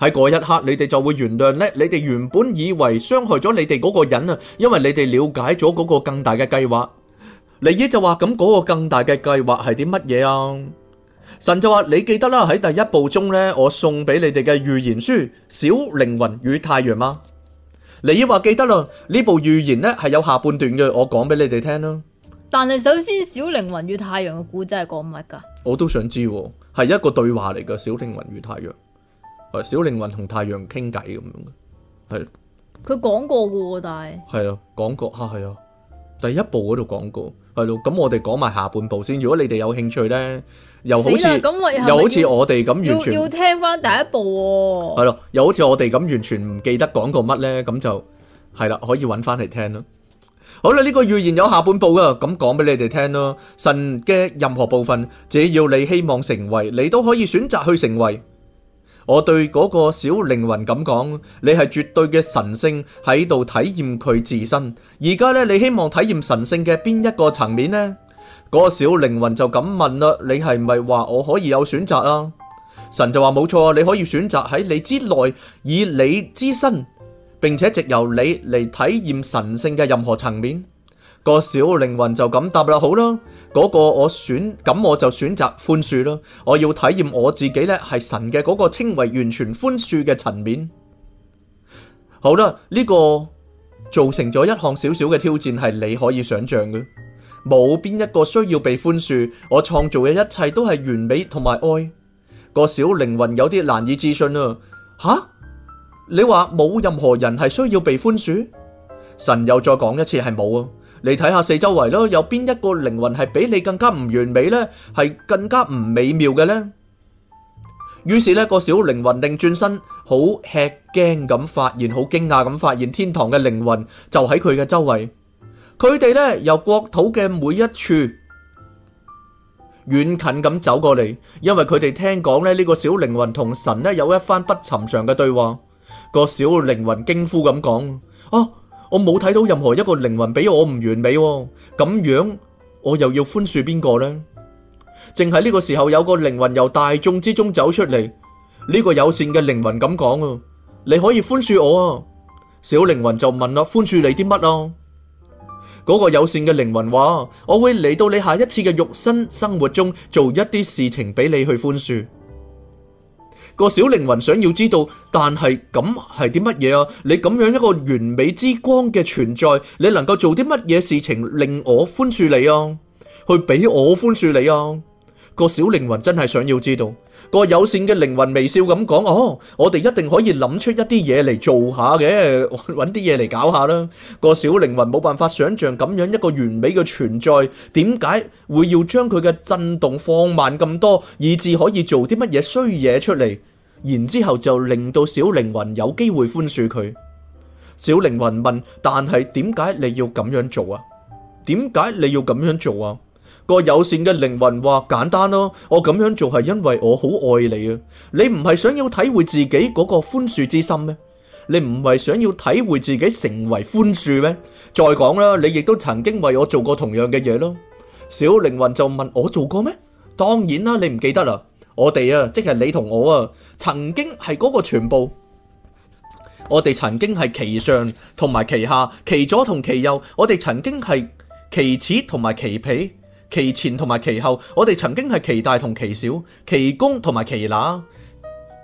喺嗰一刻，你哋就會原諒呢。你哋原本以為傷害咗你哋嗰個人啊，因為你哋了解咗嗰個更大嘅計劃。尼爾就話：咁嗰個更大嘅計劃係啲乜嘢啊？神就話：你記得啦，喺第一部中呢，我送俾你哋嘅預言書《小靈魂與太陽》嗎？你話記得咯，呢部預言咧係有下半段嘅，我講俾你哋聽咯。但係首先，小靈魂與太陽嘅故仔係講乜噶？我都想知。係一個對話嚟嘅，小靈魂與太陽，小靈魂同太陽傾偈咁樣嘅，係。佢講過噶，但係，係啊，講過啊，係啊。第一部嗰度講過，係咯，咁我哋講埋下半部先。如果你哋有興趣咧，又好似又好似我哋咁完全要聽翻第一部喎。係咯，又好似我哋咁完全唔記得講過乜咧，咁就係啦，可以搵翻嚟聽咯。好啦，呢個預言有下半部㗎，咁講俾你哋聽咯。神嘅任何部分，只要你希望成為，你都可以選擇去成為。我對嗰個小靈魂咁講，你係絕對嘅神聖喺度體驗佢自身。而家呢，你希望體驗神聖嘅邊一個層面呢？嗰、那個小靈魂就咁問啦，你係咪話我可以有選擇啊？神就話冇錯，你可以選擇喺你之內以你之身，並且藉由你嚟體驗神聖嘅任何層面。個小靈魂就咁答啦，好啦，嗰個我選，咁我就選擇寬恕啦。我要體驗我自己咧，係神嘅嗰個稱為完全寬恕嘅層面。好啦，呢個造成咗一項少少嘅挑戰，係你可以想象嘅。冇邊一個需要被寬恕，我創造嘅一切都係完美同埋愛。個小靈魂有啲難以置信啦，吓，你話冇任何人係需要被寬恕？神又再講一次係冇啊。你睇下四周圍咯，有邊一個靈魂係比你更加唔完美呢？係更加唔美妙嘅呢？於是呢個小靈魂擰轉身，好吃驚咁發現，好驚訝咁發現，天堂嘅靈魂就喺佢嘅周圍。佢哋呢由國土嘅每一處遠近咁走過嚟，因為佢哋聽講咧呢，呢個小靈魂同神咧有一番不尋常嘅對話。個小靈魂驚呼咁講：哦、啊！我冇睇到任何一個靈魂比我唔完美、哦，咁樣我又要寬恕邊個呢？正係呢個時候有個靈魂由大眾之中走出嚟，呢、這個友善嘅靈魂咁講：你可以寬恕我啊！小靈魂就問啦：寬恕你啲乜啊？嗰、那個友善嘅靈魂話：我會嚟到你下一次嘅肉身生活中做一啲事情俾你去寬恕。個小靈魂想要知道，但係咁係啲乜嘢啊？你咁樣一個完美之光嘅存在，你能夠做啲乜嘢事情令我寬恕你啊？去畀我寬恕你啊？個小靈魂真係想要知道，個友善嘅靈魂微笑咁講：哦，我哋一定可以諗出一啲嘢嚟做下嘅，搵啲嘢嚟搞下啦。個小靈魂冇辦法想象咁樣一個完美嘅存在，點解會要將佢嘅震動放慢咁多，以至可以做啲乜嘢衰嘢出嚟？然之後就令到小靈魂有機會寬恕佢。小靈魂問：但係點解你要咁樣做啊？點解你要咁樣做啊？個友善嘅靈魂話：簡單咯，啊，我咁樣做係因為我好愛你啊。你唔係想要體會自己嗰個寬恕之心咩？你唔係想要體會自己成為寬恕咩？再講啦，你亦都曾經為我做過同樣嘅嘢咯。小靈魂就問，我做過咩？當然啦，啊，你唔記得啦。我哋啊，即、就、係、是、你同我啊，曾經係嗰個全部。我哋曾經係其上同埋其下，其左同其右。我哋曾經係其此同埋其彼。其前同埋其後，我哋曾經係其大同其小，其公同埋其乸，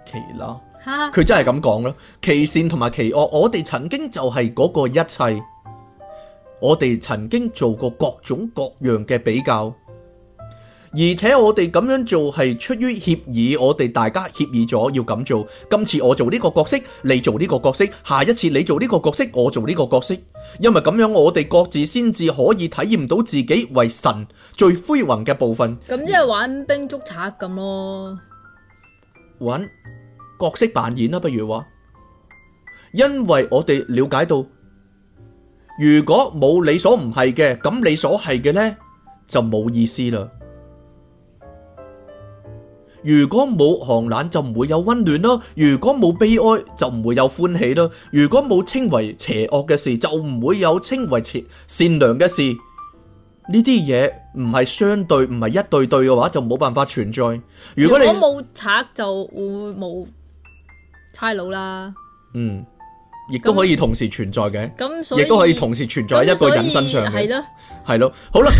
其乸，佢哈真係咁講咯。其善同埋其惡，我哋曾經就係嗰個一切，我哋曾經做過各種各樣嘅比較。而且我哋咁樣做係出於協議，我哋大家協議咗要咁做。今次我做呢個角色，你做呢個角色；下一次你做呢個角色，我做呢個角色。因為咁樣，我哋各自先至可以體驗到自己為神最輝煌嘅部分。咁即係玩兵捉賊咁咯，玩角色扮演啦，不如話。因為我哋了解到，如果冇你所唔係嘅，咁你所係嘅呢，就冇意思啦。如果冇寒冷就唔會有溫暖咯，如果冇悲哀就唔會有歡喜咯，如果冇稱為邪惡嘅事就唔會有稱為善良嘅事。呢啲嘢唔係相對，唔係一對對嘅話就冇辦法存在。如果你冇賊就會冇差佬啦。嗯，亦都可以同時存在嘅，亦都可以同時存在喺一個人身上嘅。係咯，係咯，好啦，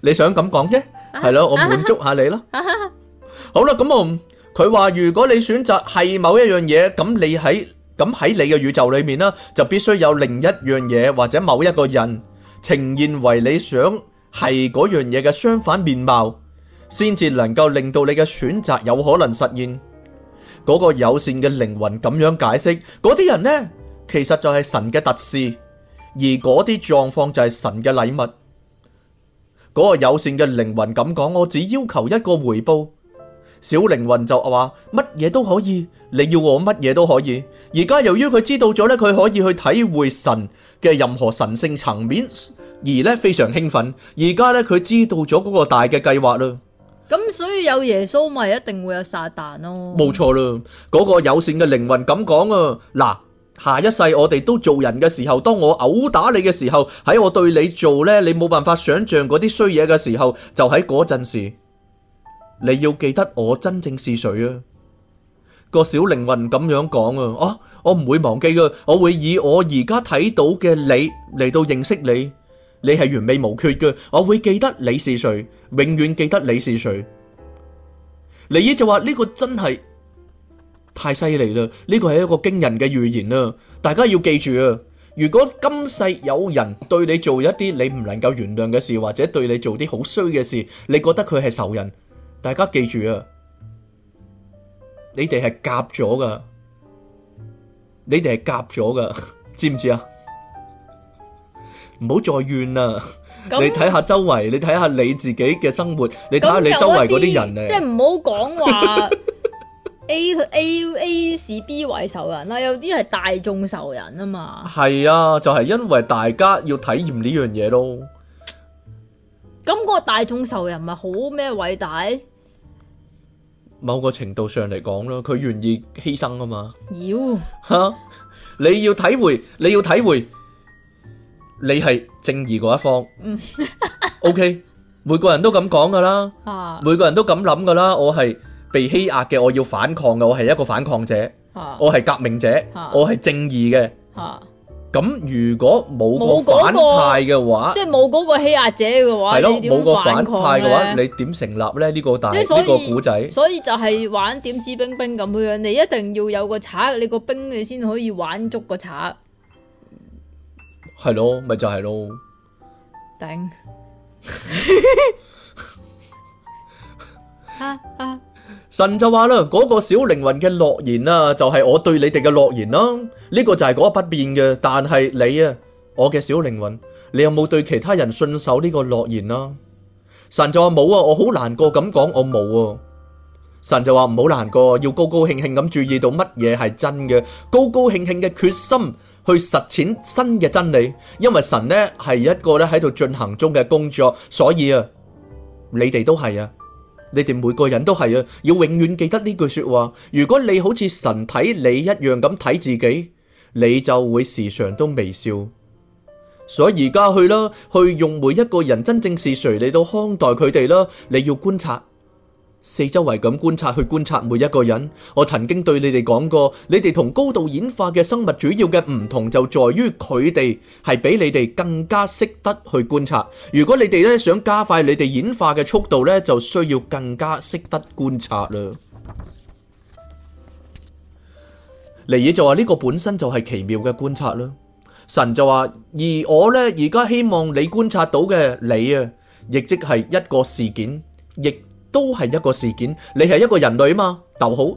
你想咁講啫。係咯，我滿足下你咯。好啦，咁我佢話，如果你選擇係某一樣嘢，咁你喺咁喺你嘅宇宙裏面啦，就必須有另一樣嘢或者某一個人呈現爲你想係嗰樣嘢嘅相反面貌，先至能夠令到你嘅選擇有可能實現。嗰個友善嘅靈魂咁樣解釋，嗰啲人呢，其實就係神嘅特使，而嗰啲狀況就係神嘅禮物。嗰個友善嘅靈魂咁講，我只要求一個回報，小靈魂就話乜嘢都可以，你要我乜嘢都可以。而家由於佢知道咗咧，佢可以去體會神嘅任何神聖層面，而咧非常興奮。而家咧佢知道咗嗰個大嘅計劃啦。咁所以有耶穌咪一定會有撒旦咯？冇錯啦，嗰個友善嘅靈魂咁講啊嗱，下一世我哋都做人嘅時候，當我毆打你嘅時候，喺我對你做呢，你冇辦法想象嗰啲衰嘢嘅時候，就喺嗰陣時，你要記得我真正是誰啊？個小靈魂咁樣講啊，啊，我唔會忘記嘅，我會以我而家睇到嘅你嚟到認識你，你係完美無缺嘅，我會記得你是誰，永遠記得你是誰。尼爾就話呢個真係。太犀利啦！呢個係一個驚人嘅預言啦，大家要記住啊！如果今世有人對你做一啲你唔能夠原諒嘅事，或者對你做啲好衰嘅事，你覺得佢係仇人，大家記住啊！你哋係夾咗噶，你哋係夾咗噶，知唔知啊？唔好再怨啦！你睇下周圍，你睇下你自己嘅生活，你睇下你周圍嗰啲人咧，即係唔好講話。A A A 視 B 為仇人啦，有啲係大眾仇人啊嘛。係啊，就係、是、因為大家要體驗呢樣嘢咯。咁嗰個大眾仇人咪好咩偉大？某個程度上嚟講啦，佢願意犧牲啊嘛。妖吓要， [LAUGHS] 你要體會，你要體會，你係正義嗰一方。 [LAUGHS] o、okay, k 每個人都咁講噶啦，啊、每個人都咁諗噶啦，我係。被欺壓嘅，我要反抗嘅，我係一個反抗者，我係革命者，我係正義嘅。咁如果冇個反派嘅話，即係冇嗰個欺壓者嘅話，係咯，冇個反派嘅話，你點成立呢？呢個大呢個古仔？所以就係玩點指兵兵咁嘅樣，你一定要有個賊，你個兵你先可以玩足個賊。係咯，咪就係咯。頂。啊啊！神就話啦，嗰個小靈魂嘅諾言啊，就係我對你哋嘅諾言咯。呢個就係嗰個不變嘅。但係你啊，我嘅小靈魂，你有冇對其他人信守呢個諾言啊？神就話冇啊，我好難過咁講，我冇啊。神就話唔好難過，要高高興興咁注意到乜嘢係真嘅，高高興興嘅決心去實踐新嘅真理。因為神呢係一個咧喺度進行中嘅工作，所以啊，你哋都係啊。你哋每個人都係啊，要永遠記得呢句説話。如果你好似神睇你一樣咁睇自己，你就會時常都微笑。所以而家去啦，去用每一個人真正係誰，嚟到看待佢哋啦。你要觀察。四周圍咁觀察，去觀察每一個人。我曾經對你哋講過，你哋同高度演化嘅生物主要嘅唔同，就在於佢哋係比你哋更加識得去觀察。如果你哋咧想加快你哋演化嘅速度咧，就需要更加識得觀察啦。尼爾就話呢、這個本身就係奇妙嘅觀察啦。神就話，而我呢，而家希望你觀察到嘅你啊，亦即係一個事件，亦。都係一個事件，你係一個人類嘛？逗號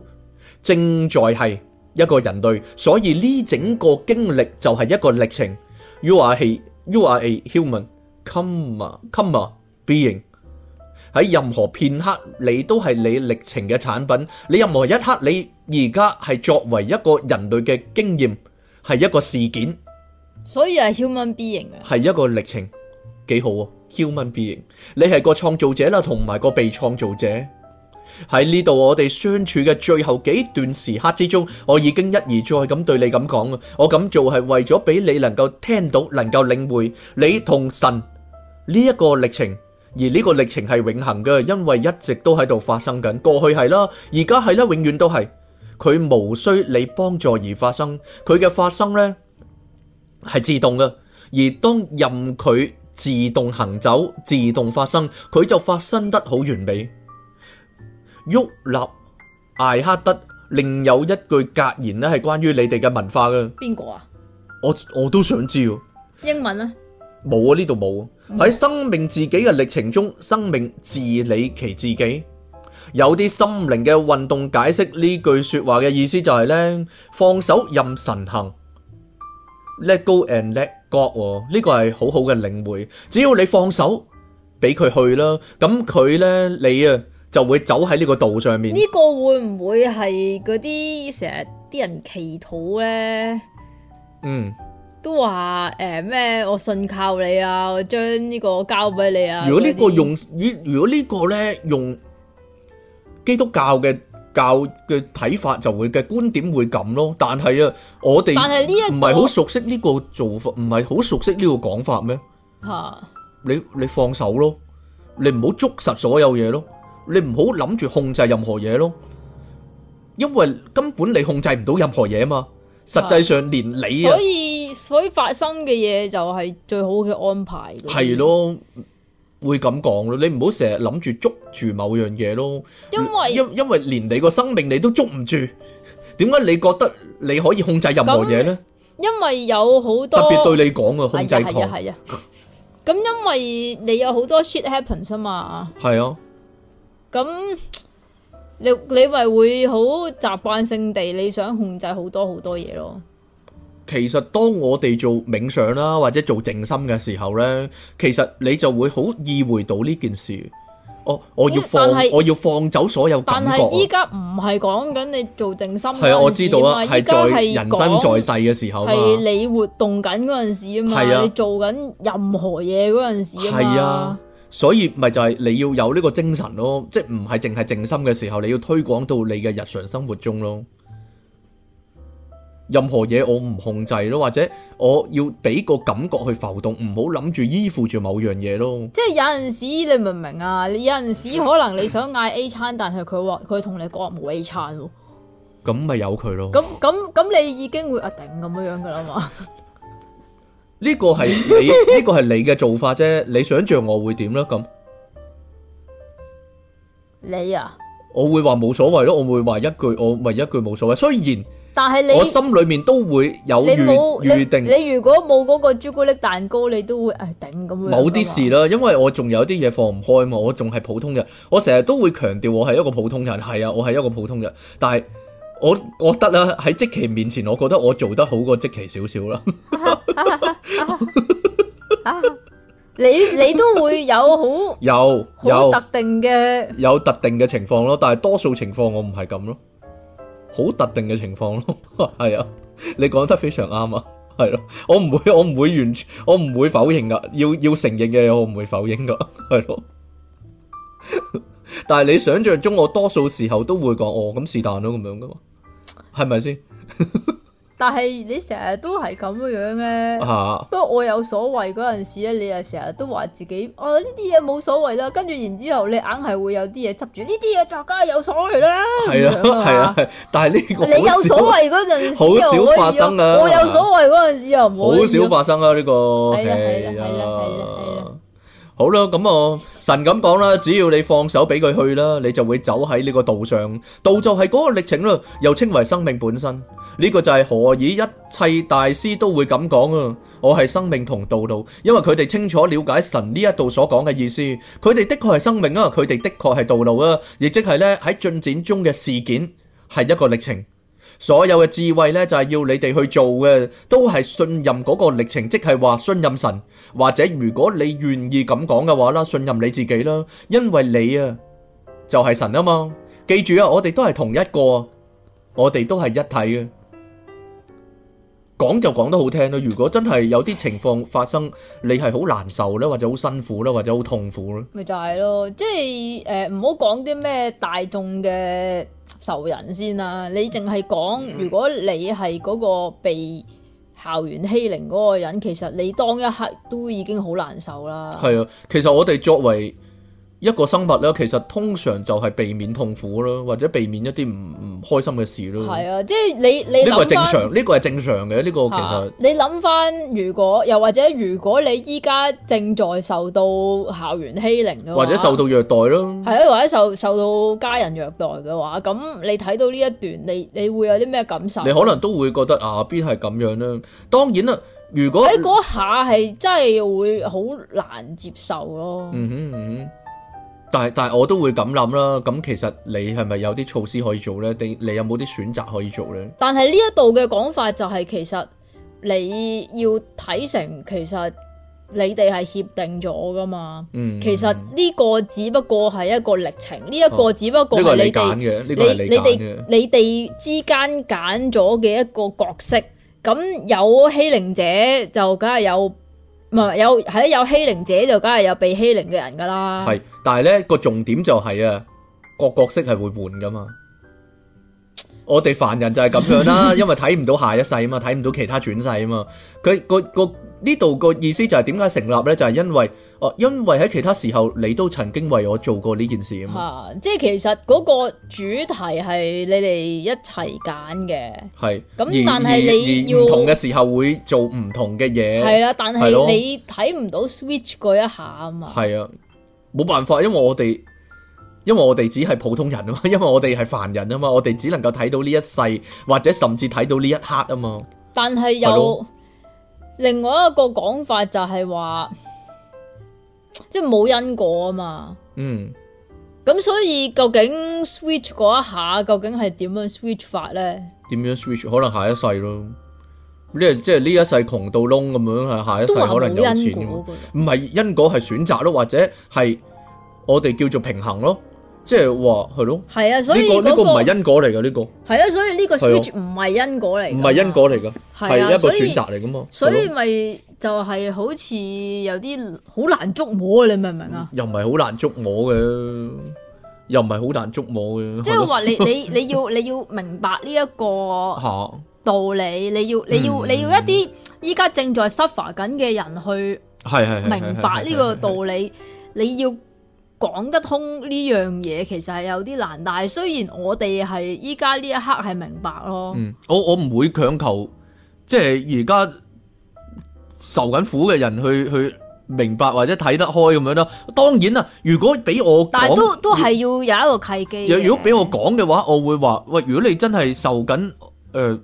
正在係一個人類，所以呢整個經歷就係一個歷程。You are a you are a human, comma comma being。喺任何片刻，你都係你歷程嘅產品。你任何一刻，你而家係作為一個人類嘅經驗，係一個事件。所以係 human being 啊？係一個歷程。幾好啊，human being，你係個創造者啦，同埋個被創造者，喺呢度，我哋相處嘅最後幾段時刻之中，我已經一而再咁對你咁講啊，我咁做係為咗俾你能夠聽到，能夠領會你同神呢一個歷程，而呢個歷程係永恒嘅，因為一直都喺度發生緊，過去係啦，而家係啦，永遠都係，佢無需你幫助而發生，佢嘅發生呢係自動嘅，而當任佢。自動行走、自動發生，佢就發生得好完美。沃納·艾克德，另有一句格言咧，係關於你哋嘅文化嘅。邊個啊？我我都想知道。英文咧？冇啊，呢度冇。喺生命自己嘅歷程中，生命治理其自己。有啲心靈嘅運動解釋呢句説話嘅意思就係咧，放手任神行。Let go and let。覺呢個係好好嘅領會，只要你放手俾佢去啦，咁佢咧，你啊就會走喺呢個道上面。呢個會唔會係嗰啲成日啲人祈禱咧？嗯，都話誒咩？我信靠你啊，我將呢個交俾你啊。如果呢個用，如你如果呢個咧用基督教嘅。教嘅睇法就會嘅觀點會咁咯，但係啊，我哋但係唔係好熟悉呢個做法，唔係好熟悉呢個講法咩？吓，你你放手咯，你唔好捉實所有嘢咯，你唔好諗住控制任何嘢咯，因為根本你控制唔到任何嘢啊嘛，實際上連你啊，所以所以發生嘅嘢就係最好嘅安排。係咯。會咁講咯，你唔好成日諗住捉住某樣嘢咯。因為因因為連你個生命你都捉唔住，點解你覺得你可以控制任何嘢呢？因為有好多特別對你講嘅控制狂。係啊係啊。咁因為你有好多 shit happens 啊嘛。係啊。咁你你咪會好習慣性地你想控制好多好多嘢咯。其實當我哋做冥想啦，或者做靜心嘅時候咧，其實你就會好意會到呢件事。我我要放我要放走所有感覺。但係依家唔係講緊你做靜心嘅事，係啊，我知道啦，而係依家係人生在世嘅時候，係你活動緊嗰陣時啊嘛，係啊，你做緊任何嘢嗰陣時啊嘛。係啊，所以咪就係你要有呢個精神咯，即係唔係淨係靜心嘅時候，你要推廣到你嘅日常生活中咯。任何嘢我唔控制咯，或者我要俾個感覺去浮動，唔好諗住依附住某樣嘢咯。即係有陣時你明唔明啊？有陣時可能你想嗌 A 餐，但係佢話佢同你講冇 A 餐，咁咪由佢咯。咁咁咁，你已經會一定咁樣樣噶啦嘛？呢個係你呢個係你嘅做法啫。你想象我會點咧？咁你啊，我會話冇所謂咯。我會話一句，我咪一句冇所謂。雖然。但係你，我心裏面都會有預預定你。你如果冇嗰個朱古力蛋糕，你都會唉頂咁樣。冇啲事啦，因為我仲有啲嘢放唔開嘛，我仲係普通人。我成日都會強調我係一個普通人，係啊，我係一個普通人。但係我覺得咧，喺即期面前，我覺得我做得好過即期少少啦。你你都會有好 [LAUGHS] 有特有，有特定嘅有特定嘅情況咯，但係多數情況我唔係咁咯。好特定嘅情況咯，係 [LAUGHS] 啊，你講得非常啱啊，係咯、啊，我唔會，我唔會完全，我唔會否認噶，要要承認嘅嘢我唔會否認噶，係咯、啊， [LAUGHS] 但係你想像中，我多數時候都會講，哦咁是但咯咁樣噶嘛，係咪先？但係你成日都係咁樣嘅咧，不過我有所謂嗰陣時咧，你又成日都話自己哦呢啲嘢冇所謂啦，跟住然之後你硬係會有啲嘢執住呢啲嘢梗係有所謂啦，係啊，係啊，但係呢個你有所謂嗰陣時好少發生啊，我有所謂嗰陣時又唔好少發生啊呢個。好啦，咁啊，神咁講啦，只要你放手俾佢去啦，你就會走喺呢個道上，道就係嗰個歷程啦，又稱為生命本身。呢個就係何以一切大師都會咁講啊？我係生命同道路，因為佢哋清楚了解神呢一度所講嘅意思。佢哋的確係生命啊，佢哋的確係道路啊，亦即係呢，喺進展中嘅事件係一個歷程。所有嘅智慧呢，就係要你哋去做嘅，都係信任嗰個歷程，即係話信任神，或者如果你願意咁講嘅話啦，信任你自己啦，因為你啊就係神啊嘛，記住啊，我哋都係同一個，我哋都係一體啊。講就講得好聽啦，如果真係有啲情況發生，你係好難受啦，或者好辛苦啦，或者好痛苦啦，咪就係咯，即係誒唔好講啲咩大眾嘅。仇人先啦、啊，你淨係講，如果你係嗰個被校園欺凌嗰個人，其實你當一刻都已經好難受啦。係啊、嗯，其實我哋作為一個生物咧，其實通常就係避免痛苦咯，或者避免一啲唔唔開心嘅事咯。係啊，即係你你呢個係正常，呢、呢個係正常嘅呢、呢個其實。啊、你諗翻，如果又或者如果你依家正在受到校園欺凌或者受到虐待咯，係啊，或者受受到家人虐待嘅話，咁你睇到呢一段，你你會有啲咩感受？你可能都會覺得啊，邊係咁樣咧？當然啦，如果喺嗰下係真係會好難接受咯。嗯哼。嗯。但係但係我都會咁諗啦，咁其實你係咪有啲措施可以做呢？定你，你有冇啲選擇可以做呢？但係呢一度嘅講法就係，其實你要睇成，其實你哋係協定咗噶嘛。嗯，其實呢個只不過係一個歷程，呢、呢、一個只不過係、啊呢個、你揀嘅，呢你你個係你揀嘅，你哋之間揀咗嘅一個角色。咁有欺凌者就梗係有。唔係有係有欺凌者就梗係有被欺凌嘅人噶啦。係，但係咧個重點就係、是、啊，個角色係會換噶嘛。我哋凡人就係咁樣啦、啊， [LAUGHS] 因為睇唔到下一世啊嘛，睇唔到其他轉世啊嘛。佢個個呢度個意思就係點解成立呢？就係因為哦，因為喺其他時候你都曾經為我做過呢件事啊嘛。即係其實嗰個主題係你哋一齊揀嘅。係咁，但係你要唔同嘅時候會做唔同嘅嘢。係啦，但係你睇唔到 switch 嗰一下啊嘛。係啊，冇辦法，因為我哋因為我哋只係普通人啊嘛，因為我哋係凡人啊嘛，我哋只能夠睇到呢一世，或者甚至睇到呢一刻啊嘛。但係又。另外一個講法就係話，即係冇因果啊嘛。嗯，咁所以究竟 switch 嗰一下究竟係點樣 switch 法咧？點樣 switch？可能下一世咯。呢即係呢一世窮到窿咁樣，係下一世可能有錢。唔係因果係選擇咯，或者係我哋叫做平衡咯。即係話係咯，呢個呢個唔係因果嚟噶呢個，係咯，所以呢個完全唔係因果嚟，唔係因果嚟噶，係一個選擇嚟噶嘛，所以咪就係好似有啲好難捉摸啊！你明唔明啊？又唔係好難捉摸嘅，又唔係好難捉摸嘅，即係話你你你要你要明白呢一個道理，你要你要你要一啲依家正在 suffer 緊嘅人去，明白呢個道理，你要。講得通呢樣嘢，其實係有啲難。但係雖然我哋係依家呢一刻係明白咯，嗯，我我唔會強求，即係而家受緊苦嘅人去去明白或者睇得開咁樣咯。當然啦，如果俾我講，但係都都係要有一個契機。如果俾我講嘅話，我會話喂，如果你真係受緊誒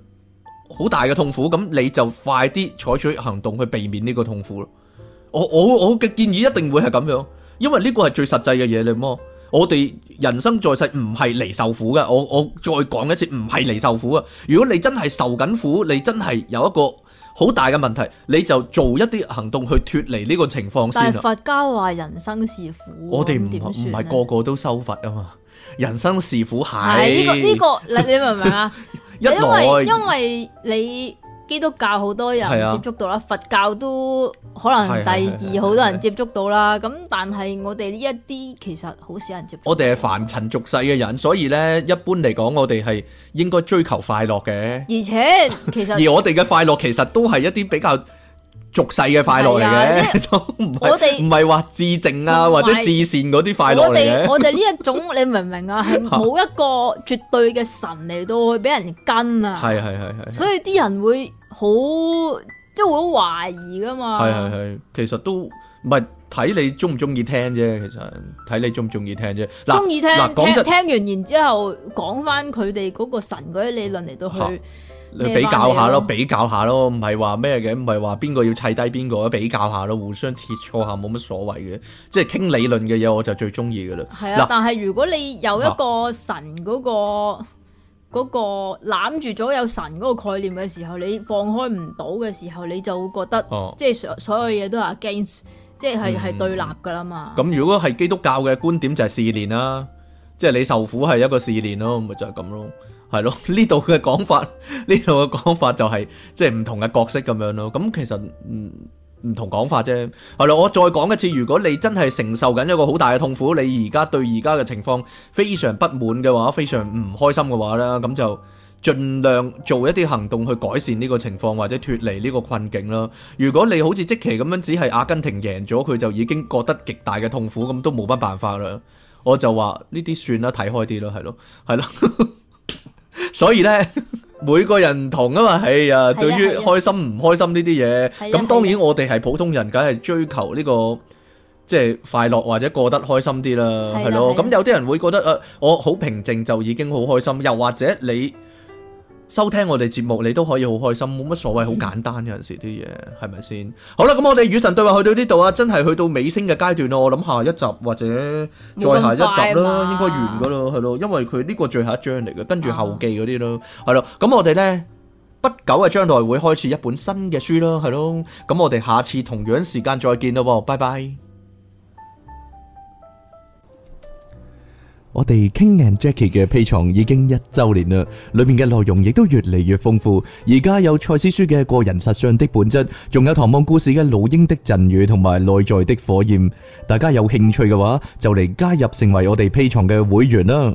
好大嘅痛苦，咁你就快啲採取行動去避免呢個痛苦咯。我我我嘅建議一定會係咁樣。因為呢個係最實際嘅嘢嚟麼？我哋人生在世唔係嚟受苦嘅，我我再講一次，唔係嚟受苦嘅。如果你真係受緊苦，你真係有一個好大嘅問題，你就做一啲行動去脫離呢個情況先。但係佛家話人生是苦，我哋唔唔係個個都修佛啊嘛。人生是苦係呢個呢個，你你明唔明啊？因為因為你。基督教好多人接觸到啦，佛教都可能第二好多人接觸到啦。咁但係我哋呢一啲其實好少人接觸，我哋係凡塵俗世嘅人，所以咧，一般嚟講我哋係應該追求快樂嘅。而且其實而我哋嘅快樂其實都係一啲比較俗世嘅快樂嚟嘅，我哋唔係話至正啊或者至善嗰啲快樂嘅。我哋呢一種，你明唔明啊？係冇一個絕對嘅神嚟到去俾人跟啊。係，係，係，係。所以啲人會。好即係會好懷疑噶嘛？係係係，其實都唔係睇你中唔中意聽啫，其實睇你中唔中意聽啫。中意聽嗱講，聽完然之後講翻佢哋嗰個神嗰啲理論嚟，到、啊、去比較下咯，比較下咯，唔係話咩嘅，唔係話邊個要砌低邊個，比較下咯，互相切磋下冇乜所謂嘅，即係傾理論嘅嘢我就最中意噶啦。係啊，但係如果你有一個神嗰、嗰個。啊嗰個攬住咗有神嗰個概念嘅時候，你放開唔到嘅時候，你就會覺得，哦嗯、即係所所有嘢都係 against，即係係係對立噶啦嘛。咁、嗯、如果係基督教嘅觀點就係試煉啦、啊，即係你受苦係一個試煉咯，咪就係咁咯，係咯。呢度嘅講法，呢度嘅講法就係即係唔同嘅角色咁樣咯。咁、就是、其實嗯。唔同講法啫，係咯，我再講一次，如果你真係承受緊一個好大嘅痛苦，你而家對而家嘅情況非常不滿嘅話，非常唔開心嘅話咧，咁就盡量做一啲行動去改善呢個情況或者脫離呢個困境啦。如果你好似積奇咁樣只係阿根廷贏咗，佢就已經覺得極大嘅痛苦，咁都冇乜辦法啦。我就話呢啲算啦，睇開啲咯，係咯，係啦。 [LAUGHS] 所以咧，每個人唔同啊嘛，哎呀，啊、對於開心唔開心呢啲嘢，咁、啊、當然我哋係普通人，梗係追求呢、這個即係、就是、快樂或者過得開心啲啦，係咯。咁有啲人會覺得誒、啊，我好平靜就已經好開心，又或者你。收聽我哋節目，你都可以好開心，冇乜所謂， [LAUGHS] 好簡單，有陣時啲嘢，係咪先？好啦，咁我哋與神對話去到呢度啊，真係去到尾聲嘅階段咯。我諗下一集或者再下一集啦，應該完噶咯，係咯，因為佢呢個最後一章嚟嘅，跟住後記嗰啲咯，係咯。 [LAUGHS] 咁我哋呢，不久嘅將來會開始一本新嘅書啦，係咯。咁我哋下次同樣時間再見啦，拜拜。我哋 King and Jackie 嘅披藏已經一周年啦，裏面嘅內容亦都越嚟越豐富。而家有賽斯書嘅個人實相的本質，仲有《唐望故事》嘅老鷹的贈予，同埋內在的火焰。大家有興趣嘅話，就嚟加入成為我哋披藏嘅會員啦。